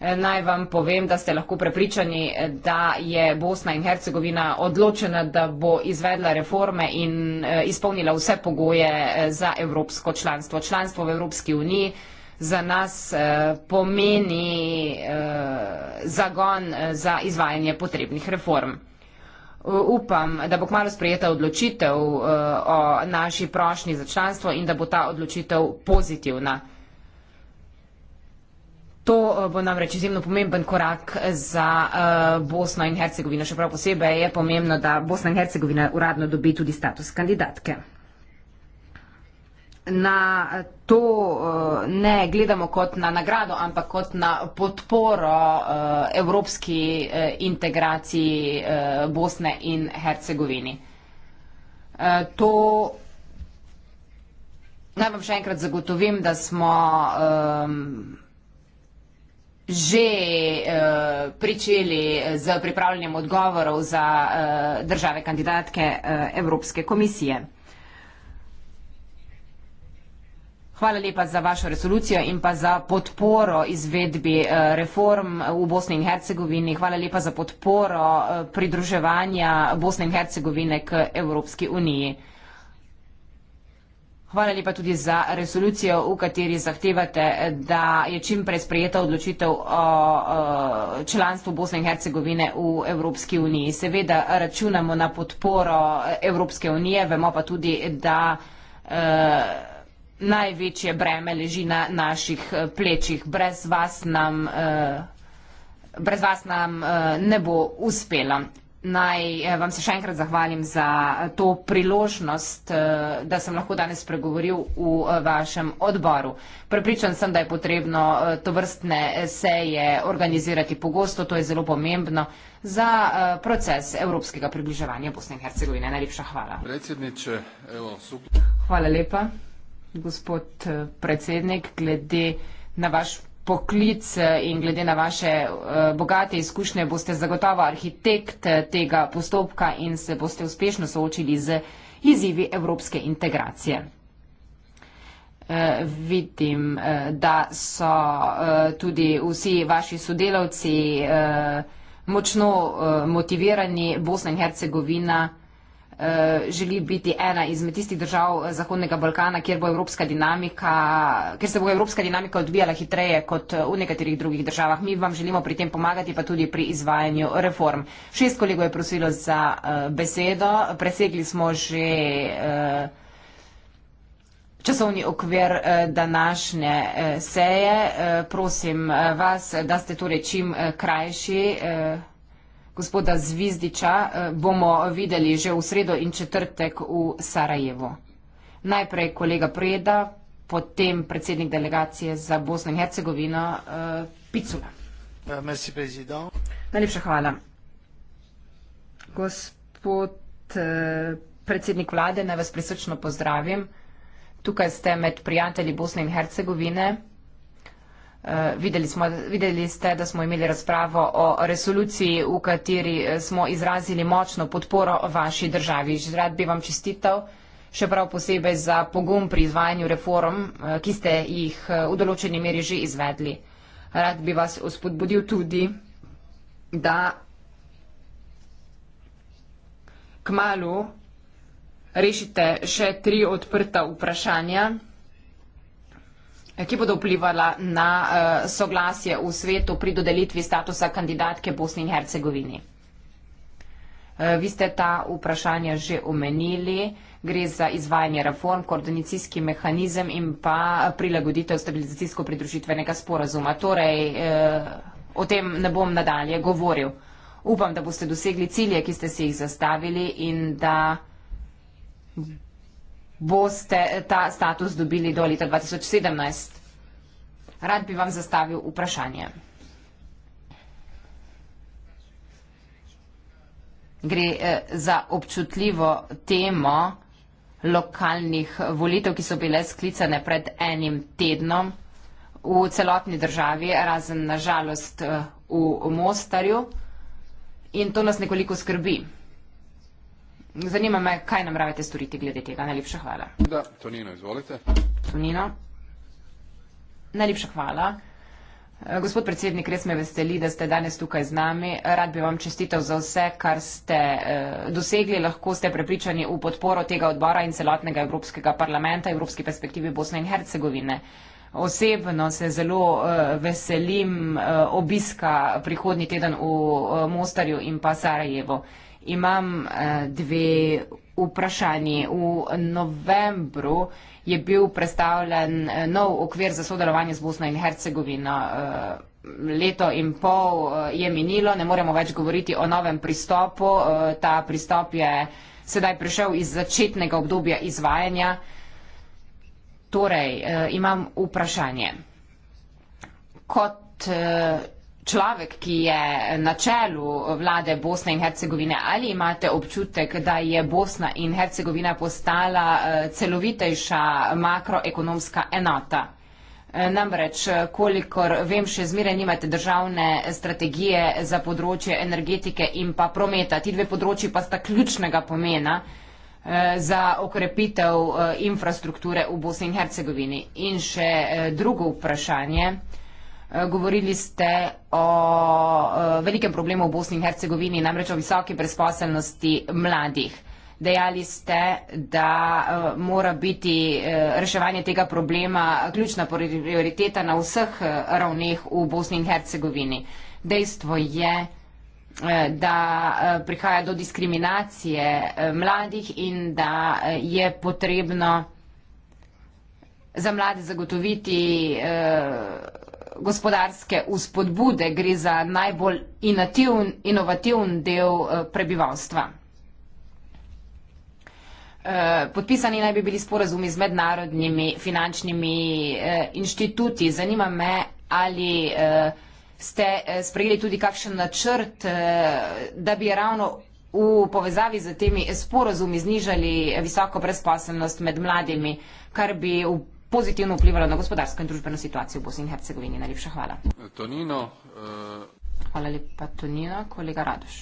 S5: Eh, naj vam povem, da ste lahko prepričani, eh, da je Bosna in Hercegovina odločena, da bo izvedla reforme in eh, izpolnila vse pogoje za evropsko članstvo. Članstvo v Evropski uniji za nas pomeni zagon za izvajanje potrebnih reform. Upam, da bo kmalo sprejeta odločitev o naši prošnji za članstvo in da bo ta odločitev pozitivna. To eh, bo namreč izjemno pomemben korak za uh, Bosno in Hercegovino. Še prav posebej je pomembno, da Bosna in Hercegovina uradno dobi tudi status kandidatke. Na to eh, ne gledamo kot na nagrado, ampak kot na podporo evropski integraciji Bosne in Hercegovini. To naj vam še enkrat zagotovim, da smo. Um, že uh, pričeli z pripravljanjem odgovorov za uh, države kandidatke uh, Evropske komisije. Hvala lepa za vašo resolucijo in pa za podporo izvedbi reform v Bosni in Hercegovini. Hvala lepa za podporo pridruževanja Bosne in Hercegovine k Evropski uniji. Hvala lepa tudi za resolucijo, v kateri zahtevate, da je čim prej sprejeta odločitev o, o članstvu Bosne in Hercegovine v Evropski uniji. Seveda računamo na podporo Evropske unije, vemo pa tudi, da e, največje breme leži na naših e, plečih. Brez vas nam, e, brez vas nam e, ne bo uspelo. Naj eh, vam se še enkrat zahvalim za eh, to priložnost, eh, da sem lahko danes spregovoril v vašem odboru. Prepričan sem, da je potrebno to vrstne seje organizirati pogosto, to je zelo pomembno za proces evropskega približevanja Bosne in Hercegovine. Najlepša hvala. Evo, hvala lepa, gospod predsednik, glede na vaš poklic in glede na vaše eh, bogate izkušnje boste zagotovo arhitekt eh, tega postopka in se boste uspešno soočili z izzivi evropske integracije. Eh, vidim, da so tudi vsi vaši sodelavci močno motivirani. Bosna in Hercegovina. Eh, želi biti ena izmed tistih držav Zahodnega Balkana, kjer, bo dinamika, kjer se bo evropska dinamika odvijala hitreje kot eh, v nekaterih drugih državah. Mi vam želimo pri tem pomagati, pa tudi pri izvajanju reform. Šest kolegov je prosilo za uh, besedo. Presegli smo že uh, časovni okvir uh, današnje uh, seje. Uh, prosim uh, vas, da ste torej čim uh, krajši. Uh, gospoda Zvizdiča eh, bomo videli že v sredo in četrtek v Sarajevo. Najprej kolega Preda, potem predsednik delegacije za Bosno in Hercegovino eh, Picula.
S2: Eh,
S5: Najlepša hvala. Gospod predsednik vlade, naj vas prisrčno pozdravim. Tukaj ste med prijatelji Bosne in Hercegovine. Eh, videli, smo, videli ste, da smo imeli razpravo o resoluciji, v kateri eh, smo izrazili močno podporo vaši državi. Rad bi vam čestital, še prav posebej za pogum pri izvajanju reform, eh, ki ste jih v določeni meri že izvedli. Rad bi vas uspodbudil tudi, da k malu rešite še tri odprta vprašanja ki bodo vplivala na uh, soglasje v svetu pri dodelitvi statusa kandidatke Bosni in Hercegovini. Uh, vi ste ta vprašanja že omenili, gre za izvajanje reform, koordinacijski mehanizem in pa prilagoditev stabilizacijsko pridružitvenega sporazuma. Torej, uh, o tem ne bom nadalje govoril. Upam, da boste dosegli cilje, ki ste si jih zastavili in da boste ta status dobili do leta 2017. Rad bi vam zastavil vprašanje. Gre eh, za občutljivo temo lokalnih volitev, ki so bile sklicane pred enim tednom v celotni državi, razen na žalost eh, v Mostarju. In to nas nekoliko skrbi. Zanima me, kaj nameravate storiti glede tega. Najlepša hvala. Da, Tonino, izvolite. Tonino. Najlepša hvala. Eh, gospod predsednik, res me veseli, da ste danes tukaj z nami. Rad bi vam čestitev za vse, kar ste eh, dosegli. Lahko ste prepričani v podporo tega odbora in celotnega Evropskega parlamenta, Evropski perspektivi Bosne in Hercegovine. Osebno se zelo eh, veselim obiska prihodnji teden v Mostarju in pa Sarajevo. Imam eh, dve vprašanji. V novembru je bil predstavljen eh, nov okvir za sodelovanje z Bosno in Hercegovino. Eh, leto in pol je minilo, ne moremo več govoriti o novem pristopu. Ta pristop je sedaj prišel iz začetnega obdobja izvajanja. Torej, imam vprašanje. Kot človek, ki je na čelu vlade Bosne in Hercegovine, ali imate občutek, da je Bosna in Hercegovina postala eh, celovitejša makroekonomska enota? Eh, namreč, eh, kolikor vem, še zmeraj nimate državne strategije za področje energetike in pa prometa. Ti dve področji pa sta ključnega pomena za okrepitev infrastrukture v Bosni in Hercegovini. In še drugo vprašanje. Eh, govorili ste o eh, velikem problemu v Bosni in Hercegovini, namreč o visoki brezposelnosti mladih. Dejali ste, da eh, mora biti reševanje tega problema ključna prioriteta na vseh ravneh v Bosni in Hercegovini. Dejstvo je, da prihaja do diskriminacije mladih in da je potrebno za mlade zagotoviti eh, gospodarske vzpodbude, gre za najbolj inativn, inovativn del eh, prebivalstva. Eh, podpisani naj bi bili sporazumi z mednarodnimi finančnimi eh, inštituti. Zanima me, ali ste sprejeli tudi kakšen načrt, da bi ravno v povezavi z temi sporazumi znižali visoko brezposobnost med mladimi, kar bi v pozitivno vplivalo na gospodarsko in družbeno situacijo v Bosni in Hercegovini. Najlepša hvala.
S3: Tonino. Uh...
S5: Hvala lepa, Tonino. Kolega Radoš.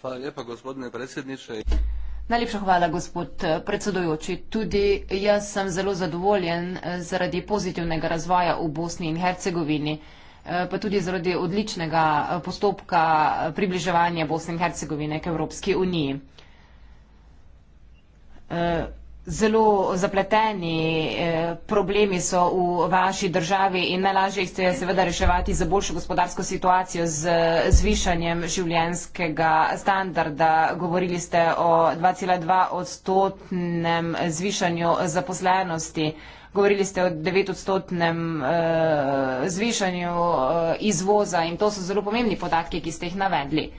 S1: Hvala lepa, gospodine predsedniče.
S5: Najlepša hvala, gospod eh, predsedujoči. Tudi jaz sem zelo zadovoljen eh, zaradi pozitivnega razvoja v Bosni in Hercegovini, pa tudi zaradi odličnega postopka približevanja Bosne in Hercegovine k Evropski uniji. Uh... Zelo zapleteni eh, problemi so v vaši državi in najlažje jih ste seveda reševati za boljšo gospodarsko situacijo z zvišanjem življenskega standarda. Govorili ste o 2,2 odstotnem zvišanju zaposlenosti, govorili ste o 9 odstotnem eh, zvišanju eh, izvoza in to so zelo pomembni podatki, ki ste jih navedli.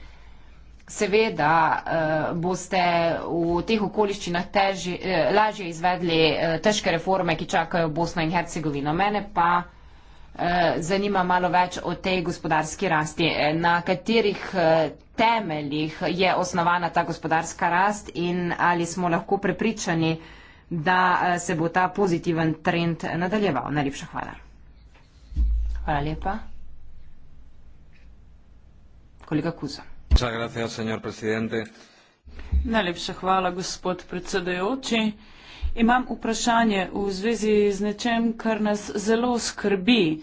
S5: Seveda eh, boste v teh okoliščinah teži, eh, lažje izvedli eh, težke reforme, ki čakajo Bosno in Hercegovino. Mene pa eh, zanima malo več o tej gospodarski rasti. Eh, na katerih eh, temeljih je osnovana ta gospodarska rast in ali smo lahko prepričani, da eh, se bo ta pozitiven trend nadaljeval? Najlepša hvala. Hvala lepa.
S1: Kolega Kuzo.
S2: Najlepša hvala, gospod predsedajoči. Imam vprašanje v zvezi z nečem, kar nas zelo skrbi.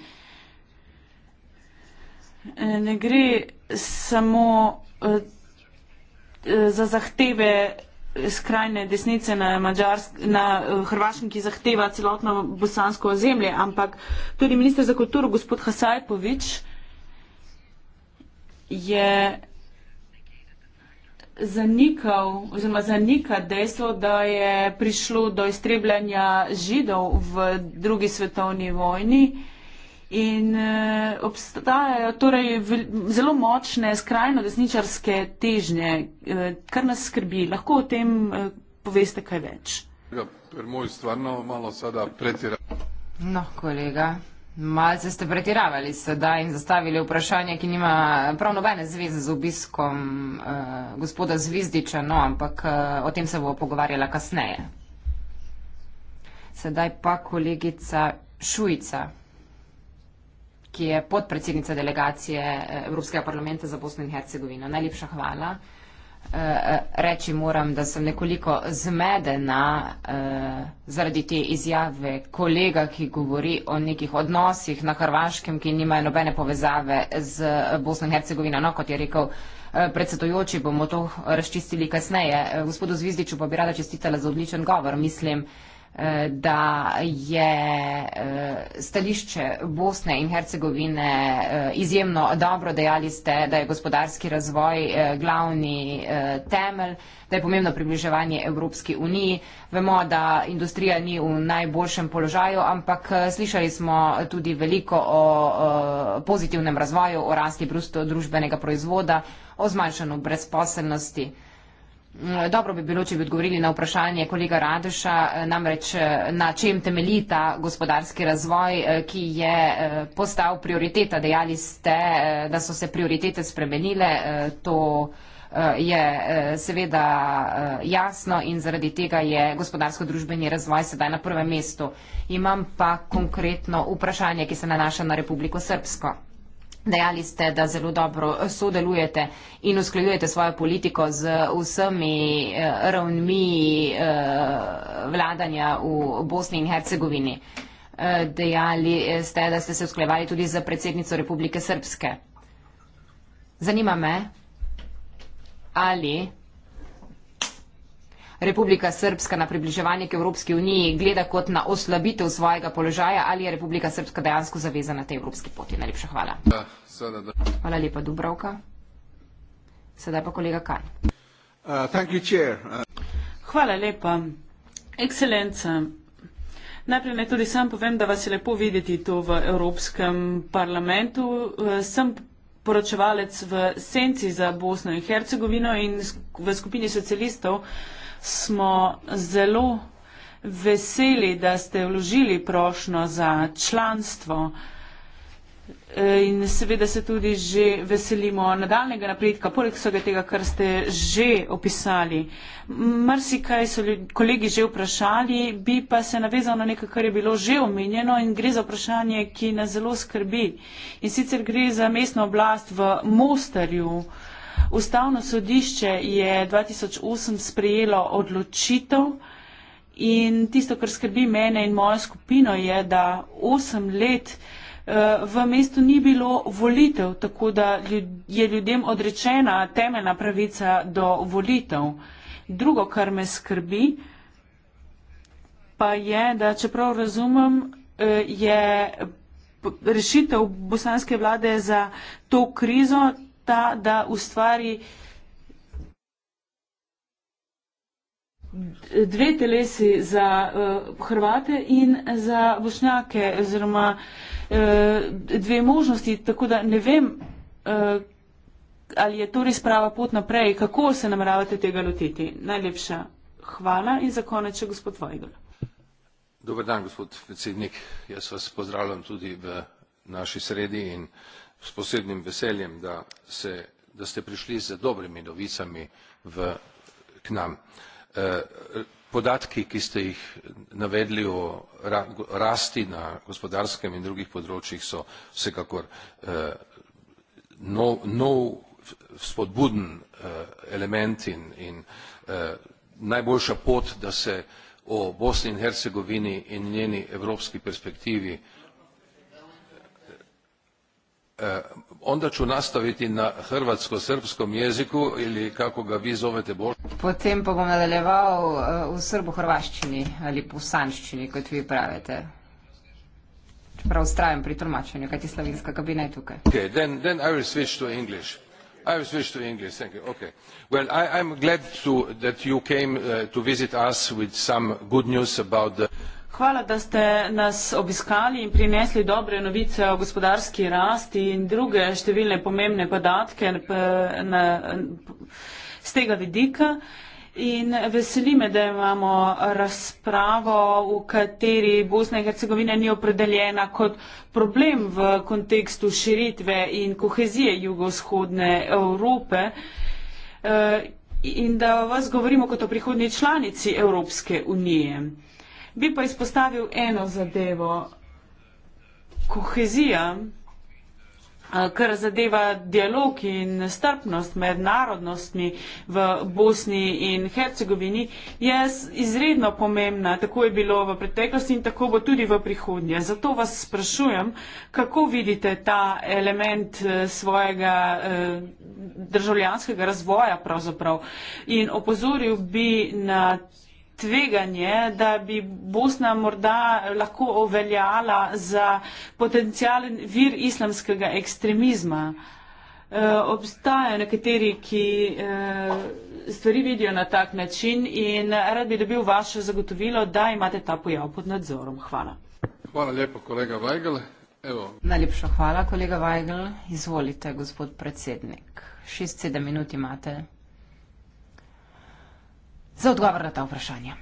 S2: Ne gre samo eh, eh, za zahteve skrajne desnice na, Mađarsk, na eh, Hrvaškem, ki zahteva celotno bosansko ozemlje, ampak tudi minister za kulturo, gospod Hasajpovič, je zanikal oziroma zanika dejstvo, da je prišlo do iztrebljanja židov v drugi svetovni vojni. In eh, obstajajo torej zelo močne skrajno desničarske težnje, eh, kar nas skrbi. Lahko o tem eh, poveste kaj več.
S3: Kolega, per moj stvarno malo sada pretira.
S5: No, kolega, Malce ste pretiravali sedaj in zastavili vprašanje, ki nima prav nobene zveze z obiskom uh, gospoda Zvizdiča, no, ampak uh, o tem se bo pogovarjala kasneje. Sedaj pa kolegica Šujica, ki je podpredsednica delegacije eh, Evropskega parlamenta za Bosno in Hercegovino. Najlepša hvala. Eh, reči moram, da sem nekoliko zmedena eh, zaradi te izjave kolega, ki govori o nekih odnosih na Hrvaškem, ki nimajo nobene povezave z Bosno in Hercegovino. No, kot je rekel eh, predsedojoči, bomo to razčistili kasneje. Gospodu Zvizdiču pa bi rada čestitala za odličen govor. Mislim, da Eh, da je eh, stališče Bosne in Hercegovine eh, izjemno dobro, dejali ste, da je gospodarski razvoj glavni temelj, da je pomembno približevanje Evropski uniji. Vemo, da industrija ni v najboljšem položaju, ampak slišali smo tudi veliko o pozitivnem razvoju, o rasti brusto družbenega proizvoda, o zmanjšanju brezposelnosti. Mm, dobro bi bilo, če bi odgovorili na vprašanje kolega Radeša, eh, namreč eh, na čem temelji ta gospodarski razvoj, eh, ki je postal prioriteta. Dejali ste, da so se prioritete spremenile, to je seveda jasno in zaradi tega je gospodarsko-družbeni razvoj sedaj na prvem mestu. Imam pa konkretno vprašanje, ki se nanaša na Republiko Srpsko. Dejali ste, da zelo dobro eh, sodelujete in usklajujete svojo politiko z vsemi eh, ravnmi eh, vladanja v Bosni in Hercegovini. Dejali ste, da ste se usklajevali tudi z predsednico Republike Srpske. Zanima me, ali Republika Srpska na približevanje k Evropski uniji gleda kot na oslabitev svojega položaja ali je Republika Srpska dejansko zavezana tej evropski poti. Najlepša hvala. Da, ja, seveda, da. Hvala lepa, Dubravka.
S2: Sedaj pa kolega Kan.
S3: Uh, uh,
S2: hvala lepa, ekscelenca. Najprej naj tudi sam povem, da vas je lepo videti to v Evropskem parlamentu. Uh, sem poročevalec v Senci za Bosno in Hercegovino in v skupini socialistov uh, smo zelo veseli, da ste vložili prošno za članstvo eh, in seveda se tudi že veselimo nadaljnega napredka, poleg vsega tega, kar ste že opisali. Mrsi, kaj so kolegi že vprašali, bi pa se navezal na nekaj, kar je bilo že omenjeno in gre za vprašanje, ki nas zelo skrbi. In sicer gre za mestno oblast v Mostarju, Ustavno sodišče je 2008 sprejelo odločitev in tisto, kar skrbi mene in mojo skupino, je, da 8 let eh, v mestu ni bilo volitev, tako da je ljudem odrečena temeljna pravica do volitev. Drugo, kar me skrbi, pa je, da čeprav razumem, eh, je rešitev bosanske vlade za to krizo ta, da ustvari dve telesi za uh, Hrvate in za Bošnjake, oziroma uh, dve možnosti, tako da ne vem, uh, ali je to res prava pot naprej, kako se nameravate tega lotiti. Najlepša hvala in za konec še gospod Vojgol.
S1: Dober dan, gospod predsednik. Jaz vas pozdravljam tudi v naši sredi in uh, s posebnim veseljem, da, se, da ste prišli z dobrimi novicami v, k nam. E, podatki, ki ste jih navedli o ra, rasti na gospodarskem in drugih področjih, so vsekakor e, nov, nov spodbuden e, element in, in e, najboljša pot, da se o Bosni in Hercegovini in njeni evropski perspektivi Eh, onda ću nastaviti na hrvatsko-srpskom jeziku ili kako ga vi zovete Bož.
S5: Potem pa bom nadaljeval eh, v srbo-hrvaščini ali pusanščini, kot vi pravite. Čeprav ustrajam pri tolmačenju, kajti slovenska kabina je tukaj.
S1: Okay, then, then I will switch to English. I will switch to English, thank you. Okay. Well, I, I'm glad to, that you came uh, to visit us with some good news about the... Uh,
S2: Hvala, da ste nas obiskali in prinesli dobre novice o gospodarski rasti in druge številne pomembne podatke eh, na, z tega vidika. In veseli me, da imamo razpravo, v kateri Bosna in Hercegovina ni opredeljena kot problem v kontekstu širitve in kohezije jugovzhodne Evrope eh, in da vas govorimo kot o prihodnji članici Evropske unije. Bi pa izpostavil eno zadevo. Kohezija, kar zadeva dialog in strpnost med narodnostmi v Bosni in Hercegovini, je izredno pomembna. Tako je bilo v preteklosti in tako bo tudi v prihodnje. Zato vas sprašujem, kako vidite ta element e, svojega e, državljanskega razvoja pravzaprav. In opozoril bi na tveganje, da bi Bosna morda lahko oveljala za potencijalen vir islamskega ekstremizma. E, obstajajo nekateri, ki e, stvari vidijo na tak način in rad bi dobil vaše zagotovilo, da imate ta pojav pod nadzorom. Hvala.
S3: Hvala lepo, kolega Weigel. Evo.
S2: Najlepša hvala, kolega Weigel. Izvolite, gospod predsednik.
S5: 6-7 minut imate za odgovor na ta vprašanja.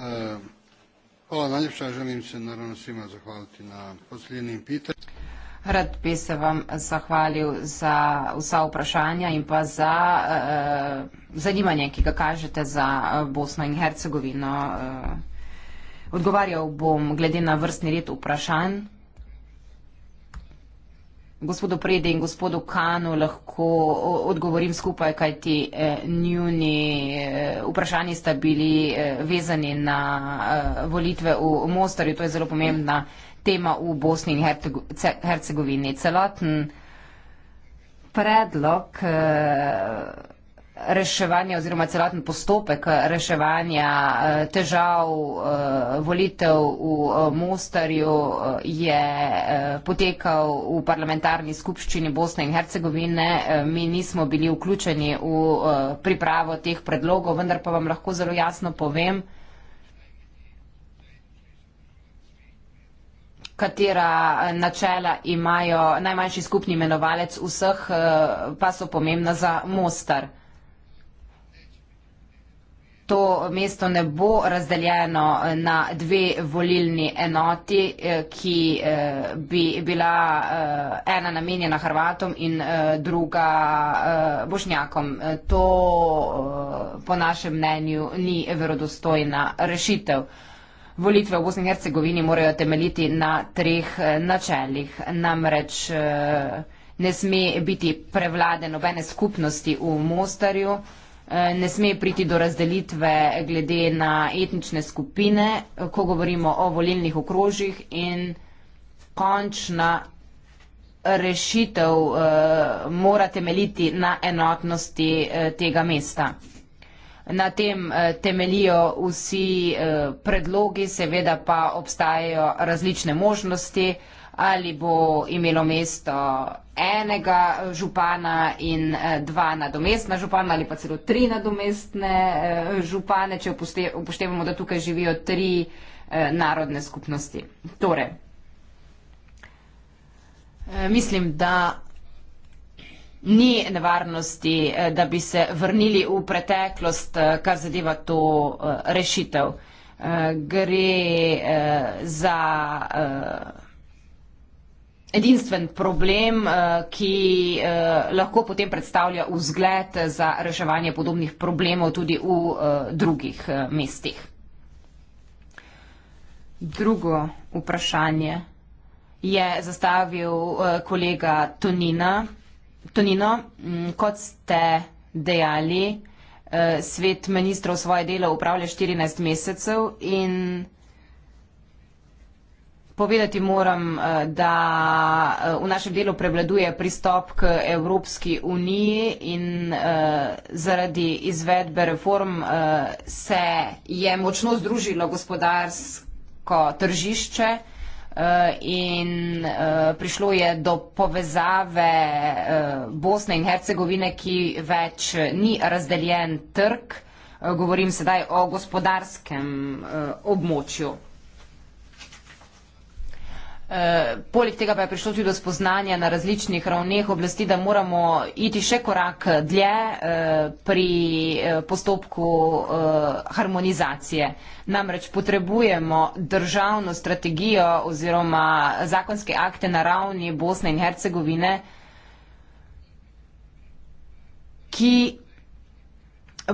S3: Ehm, hvala najljepša, želim se naravno svima zahvaliti na
S5: posljednjem pitanju. Rad bi se vam zahvalil za vsa vprašanja in pa za uh, zanimanje, ki ga kažete za eh, Bosno in Hercegovino. Uh, odgovarjal bom glede na vrstni red vprašanj gospodu Predi in gospodu Kanu lahko odgovorim skupaj, kajti eh, njuni eh, vprašanji sta bili eh, vezani na eh, volitve v Mostarju. To je zelo pomembna tema v Bosni in Hercegovini. Celoten predlog. Eh, reševanja oziroma celoten postopek eh, reševanja eh, težav eh, volitev v Mostarju je potekal v parlamentarni skupščini Bosne in Hercegovine. Mi nismo bili vključeni v pripravo teh predlogov, vendar pa vam lahko zelo jasno povem, katera načela imajo najmanjši skupni imenovalec vseh, pa so pomembna za Mostar to mesto ne bo razdeljeno na dve volilni enoti, eh, ki eh, bi bila eh, ena namenjena Hrvatom in druga Bošnjakom. To po našem mnenju ni verodostojna rešitev. Volitve v Bosni in Hercegovini morajo temeljiti na treh načeljih. Namreč ne sme biti prevlade nobene skupnosti v Mostarju, Eh, ne sme priti do razdelitve glede na etnične skupine, eh, ko govorimo o volilnih okrožjih in končna rešitev eh, mora temeljiti na enotnosti tega mesta. Na tem temelijo vsi predlogi, seveda pa obstajajo različne možnosti, ali bo imelo mesto enega župana in eh, dva nadomestna župana ali pa celo tri nadomestne eh, župane, če upoštevamo, da tukaj živijo tri eh, narodne skupnosti. Torej, mislim, da ni nevarnosti, da bi se vrnili v preteklost, kar zadeva to rešitev. Gre za edinstven problem, eh, ki eh, lahko potem predstavlja vzgled za reševanje podobnih problemov tudi v eh, drugih mestih. Drugo vprašanje je zastavil kolega Tonina. Tonino, mm, kot ste dejali, svet ministrov svoje delo upravlja 14 mesecev in Povedati moram, eh, da eh, v našem delu prevladuje pristop k Evropski uniji in eh, zaradi izvedbe reform se je močno združilo gospodarsko tržišče in prišlo je do povezave Bosne in Hercegovine, ki več ni razdeljen trg. Govorim sedaj o gospodarskem območju. Eh, poleg tega pa je prišlo tudi do spoznanja na različnih ravneh oblasti, da moramo iti še korak dlje eh, pri eh, postopku harmonizacije. Namreč potrebujemo državno strategijo oziroma zakonske akte na ravni Bosne in Hercegovine, ki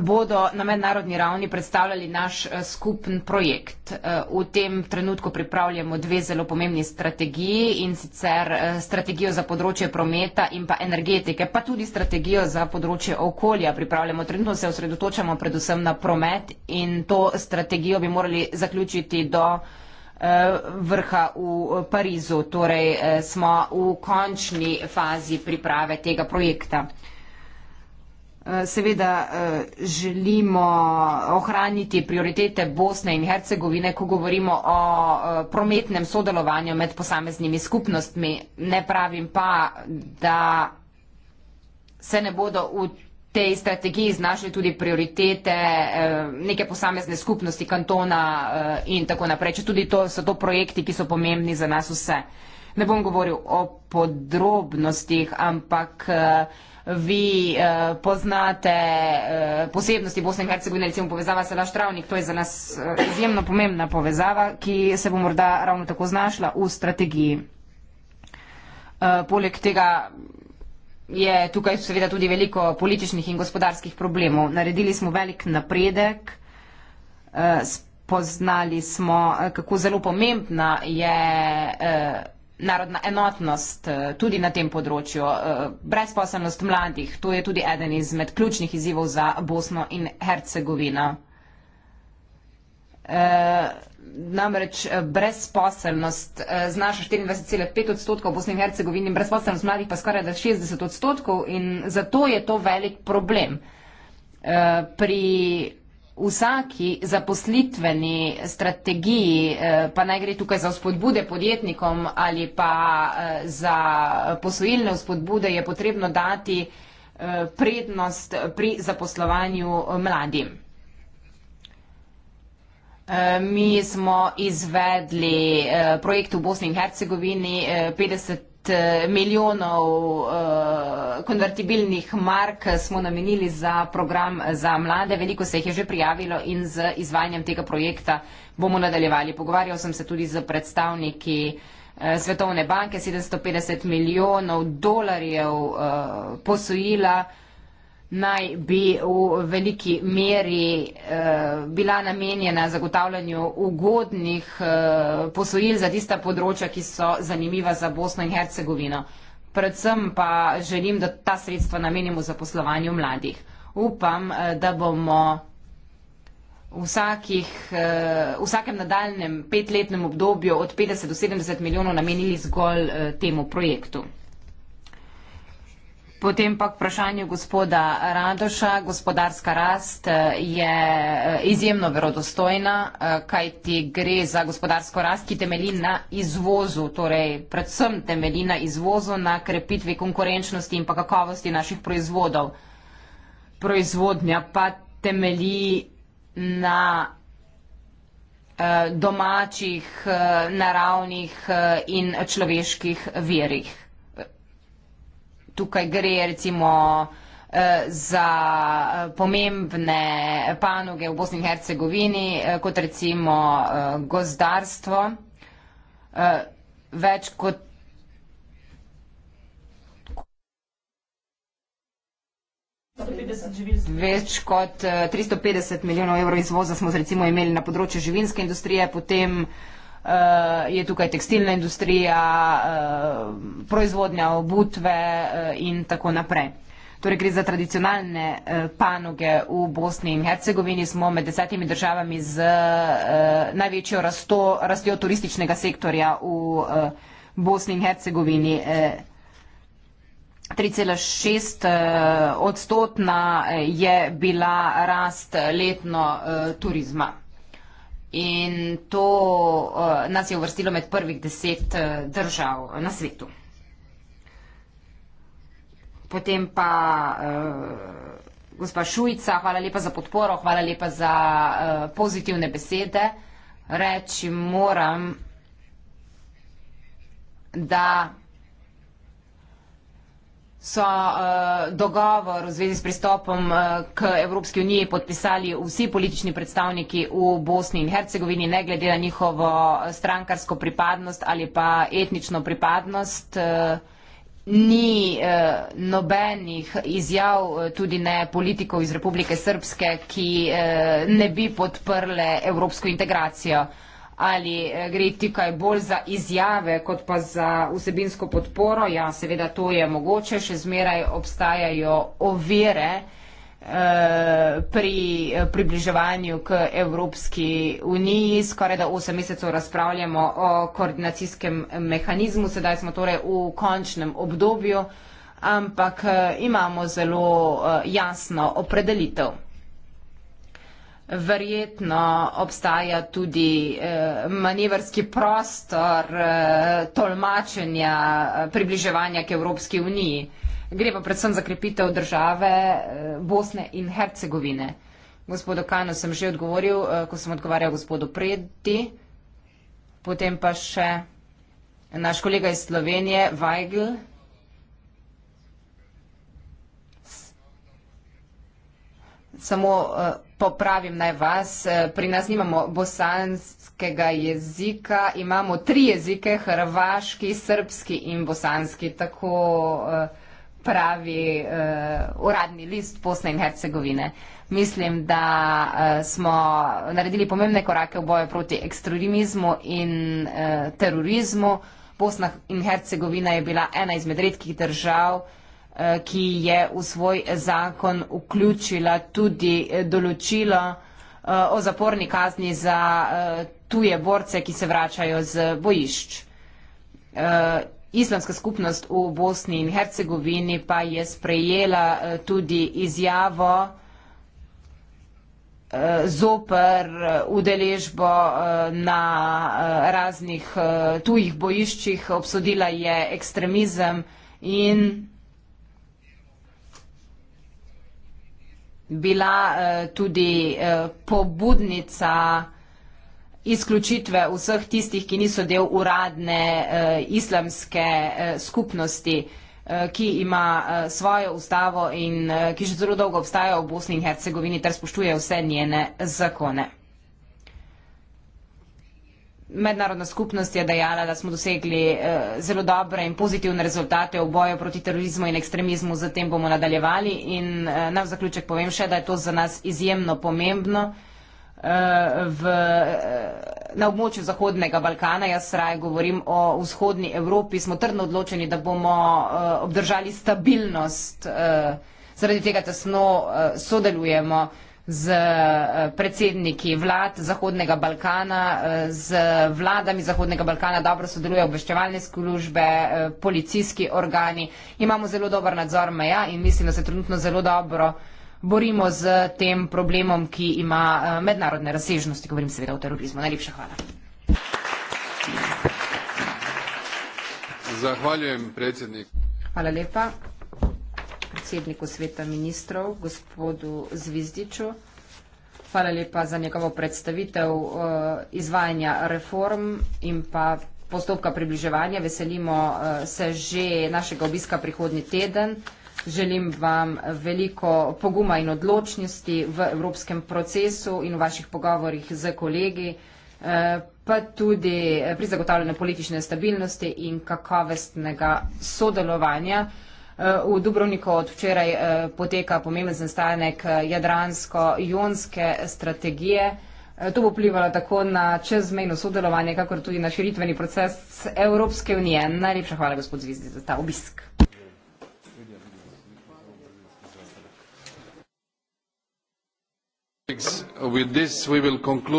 S5: bodo na mednarodni ravni predstavljali naš eh, skupen projekt. Eh, v tem trenutku pripravljamo dve zelo pomembni strategiji in sicer eh, strategijo za področje prometa in pa energetike, pa tudi strategijo za področje okolja pripravljamo. Trenutno se osredotočamo predvsem na promet in to strategijo bi morali zaključiti do vrha v Parizu. Torej smo v končni fazi priprave tega projekta seveda eh, želimo ohraniti prioritete Bosne in Hercegovine, ko govorimo o eh, prometnem sodelovanju med posameznimi skupnostmi. Ne pravim pa, da se ne bodo v tej strategiji znašli tudi prioritete eh, neke posamezne skupnosti, kantona in tako naprej. Če tudi to so to projekti, ki so pomembni za nas vse. Ne bom govoril o podrobnostih, ampak uh, vi eh, poznate eh, posebnosti Bosne in Hercegovine, recimo povezava Selaš Travnik, to je za nas eh, izjemno pomembna povezava, ki se bo morda ravno tako znašla v strategiji. Eh, poleg tega je tukaj seveda tudi veliko političnih in gospodarskih problemov. Naredili smo velik napredek, eh, spoznali smo, eh, kako zelo pomembna je. Eh, narodna enotnost eh, tudi na tem področju, eh, brezposobnost mladih, to je tudi eden izmed ključnih izzivov za Bosno in Hercegovino. Uh, namreč brezposelnost uh, znaša 24,5 odstotkov v Bosni in Hercegovini in brezposelnost mladih pa skoraj da 60 odstotkov in zato je to velik problem. Uh, pri vsaki zaposlitveni strategiji, eh, pa naj gre tukaj za spodbude podjetnikom ali pa eh, za posojilne spodbude, je potrebno dati eh, prednost pri zaposlovanju mladim. Mi smo izvedli projekt v Bosni in Hercegovini 50 Eh, milijonov uh, konvertibilnih mark smo namenili za program za mlade. Veliko se jih je že prijavilo in z izvajanjem tega projekta bomo nadaljevali. Pogovarjal sem se tudi z predstavniki uh, Svetovne banke, 750 milijonov dolarjev uh, posojila naj bi v veliki meri eh, bila namenjena zagotavljanju ugodnih eh, posojil za tista področja, ki so zanimiva za Bosno in Hercegovino. Predvsem pa želim, da ta sredstva namenimo za poslovanje mladih. Upam, eh, da bomo vsakih, v vsakem nadaljnem petletnem obdobju od 50 do 70 milijonov namenili zgolj temu projektu. Potem pa k vprašanju gospoda Radoša. Gospodarska rast eh, je eh, izjemno verodostojna, eh, kaj ti gre za gospodarsko rast, ki temelji na izvozu, torej predvsem temelji na izvozu, na krepitvi konkurenčnosti in pa kakovosti naših proizvodov. Proizvodnja pa temelji na domačih, naravnih in človeških verjih tukaj gre recimo eh, za eh, pomembne panoge v Bosni in Hercegovini, eh, kot recimo gozdarstvo. Več kot Več kot 350 milijonov evrov izvoza smo recimo imeli na področju živinske industrije, potem uh, Eh, je tukaj tekstilna industrija, eh, proizvodnja obutve eh, in tako naprej. Torej gre za tradicionalne panoge v Bosni in Hercegovini. Smo med desetimi državami z največjo rasto, rastjo turističnega sektorja v Bosni in Hercegovini. 3,6 odstotna je bila rast letno turizma in to eh, nas je uvrstilo med prvih deset eh, držav eh, na svetu. Potem pa uh, gospa Šujca, hvala lepa za podporo, hvala lepa za uh, pozitivne besede. Reči moram, da so uh, dogovor v zvezi s pristopom uh, k Evropski uniji podpisali vsi politični predstavniki v Bosni in Hercegovini, ne glede na njihovo eh, strankarsko pripadnost ali pa etnično pripadnost. Uh, Ni eh, nobenih izjav, tudi ne politikov iz Republike Srpske, ki eh, ne bi podprle evropsko integracijo. Eh, ali eh, gre tukaj bolj za izjave, kot pa za vsebinsko podporo. Ja, seveda to je mogoče, še zmeraj obstajajo ovire eh, pri eh, približevanju k Evropski uniji. Skoraj da 8 mesecev razpravljamo o koordinacijskem mehanizmu, sedaj smo torej v končnem obdobju, ampak imamo zelo jasno opredelitev verjetno obstaja tudi eh, manevrski prostor eh, tolmačenja, eh, približevanja k Evropski uniji. Gre pa predvsem za krepitev države eh, Bosne in Hercegovine. Gospodu Kano sem že odgovoril, eh, ko sem odgovarjal gospodu Predti, potem pa še naš kolega iz Slovenije, Weigl. Samo eh, popravim naj vas, eh, pri nas nimamo bosanskega jezika, imamo tri jezike, hrvaški, srpski in bosanski, tako eh, pravi uh, uradni list Bosne in Hercegovine. Mislim, da uh, smo naredili pomembne korake v boju proti ekstremizmu in uh, terorizmu. Bosna in Hercegovina je bila ena izmed redkih držav, Eh, ki je v svoj zakon vključila tudi eh, določilo eh, o zaporni kazni za tuje borce, ki se vračajo z bojišč. Islamska skupnost v Bosni in Hercegovini pa je sprejela tudi izjavo zoper udeležbo na raznih tujih bojiščih, obsodila je ekstremizem in bila eh, tudi eh, pobudnica izključitve vseh tistih, ki niso del uradne eh, islamske skupnosti, ki ima svojo ustavo in ki že zelo dolgo obstaja v Bosni in Hercegovini ter spoštuje vse njene zakone mednarodna skupnost je dejala, da smo dosegli eh, zelo dobre in pozitivne rezultate v boju proti terorizmu in ekstremizmu, zatem bomo nadaljevali in eh, na zaključek povem še, da je to za nas izjemno pomembno eh, v, eh, na območju Zahodnega Balkana. Jaz raje govorim o vzhodni Evropi, smo trdno odločeni, da bomo eh, obdržali stabilnost, eh, zaradi tega tesno eh, sodelujemo z eh, predsedniki vlad Zahodnega Balkana, eh, z vladami Zahodnega Balkana dobro sodelujejo obveščevalne službe, eh, policijski organi. Imamo zelo dober nadzor meja in mislim, da se trenutno zelo dobro borimo z tem problemom, ki ima mednarodne razsežnosti, govorim seveda o terorizmu. Najlepša hvala.
S3: Zahvaljujem predsednik.
S5: Hvala lepa predsedniku sveta ministrov, gospodu Zvizdiču. Hvala lepa za njegovo predstavitev eh, izvajanja reform in pa postopka približevanja. Veselimo eh, se že našega obiska prihodnji teden. Želim vam veliko poguma in odločnosti v evropskem procesu in v vaših pogovorih z kolegi, eh, pa tudi pri zagotavljanju politične stabilnosti in kakovestnega sodelovanja. Eh, v Dubrovniku od včeraj eh, poteka pomemben sestanek eh, jadransko-jonske strategije. To bo vplivalo tako na čezmejno sodelovanje, kakor tudi na širitveni proces Evropske unije. Najlepša hvala, gospod Zvizdi, za ta obisk.
S3: Uh,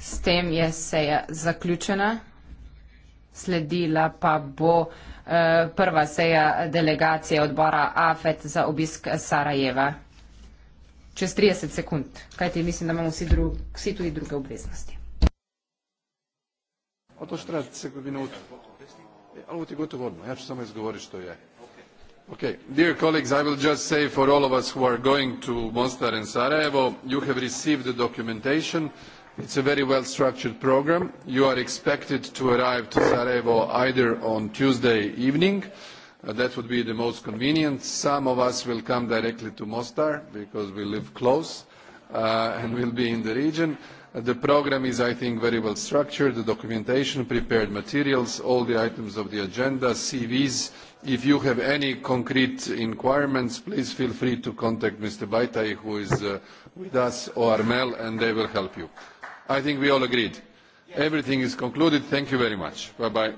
S3: S
S5: tem je seja zaključena, sledila pa bo. Eh, prva seja delegacije odbora AFET za obisk Sarajeva. Čez 30 sekund, kajti mislim, da imamo vsi, dru vsi tudi druge obveznosti.
S3: O to 40 minut. E, ali ti gotovo odno? Ja ću samo izgovoriti što je. Okay. Dear colleagues, I will just say for all of us who are going to Mostar and Sarajevo, you have received the documentation it is a very well structured programme. you are expected to arrive in sarajevo either on tuesday evening uh, that would be the most convenient some of us will come directly to mostar because we live close uh, and will be in the region. Uh, the programme is i think very well structured the documentation prepared materials all the items of the agenda cvs. if you have any concrete enquiries please feel free to contact mr beitia who is with us or mel and they will help you i think we all agreed. everything is concluded.
S1: thank you very much. bye bye.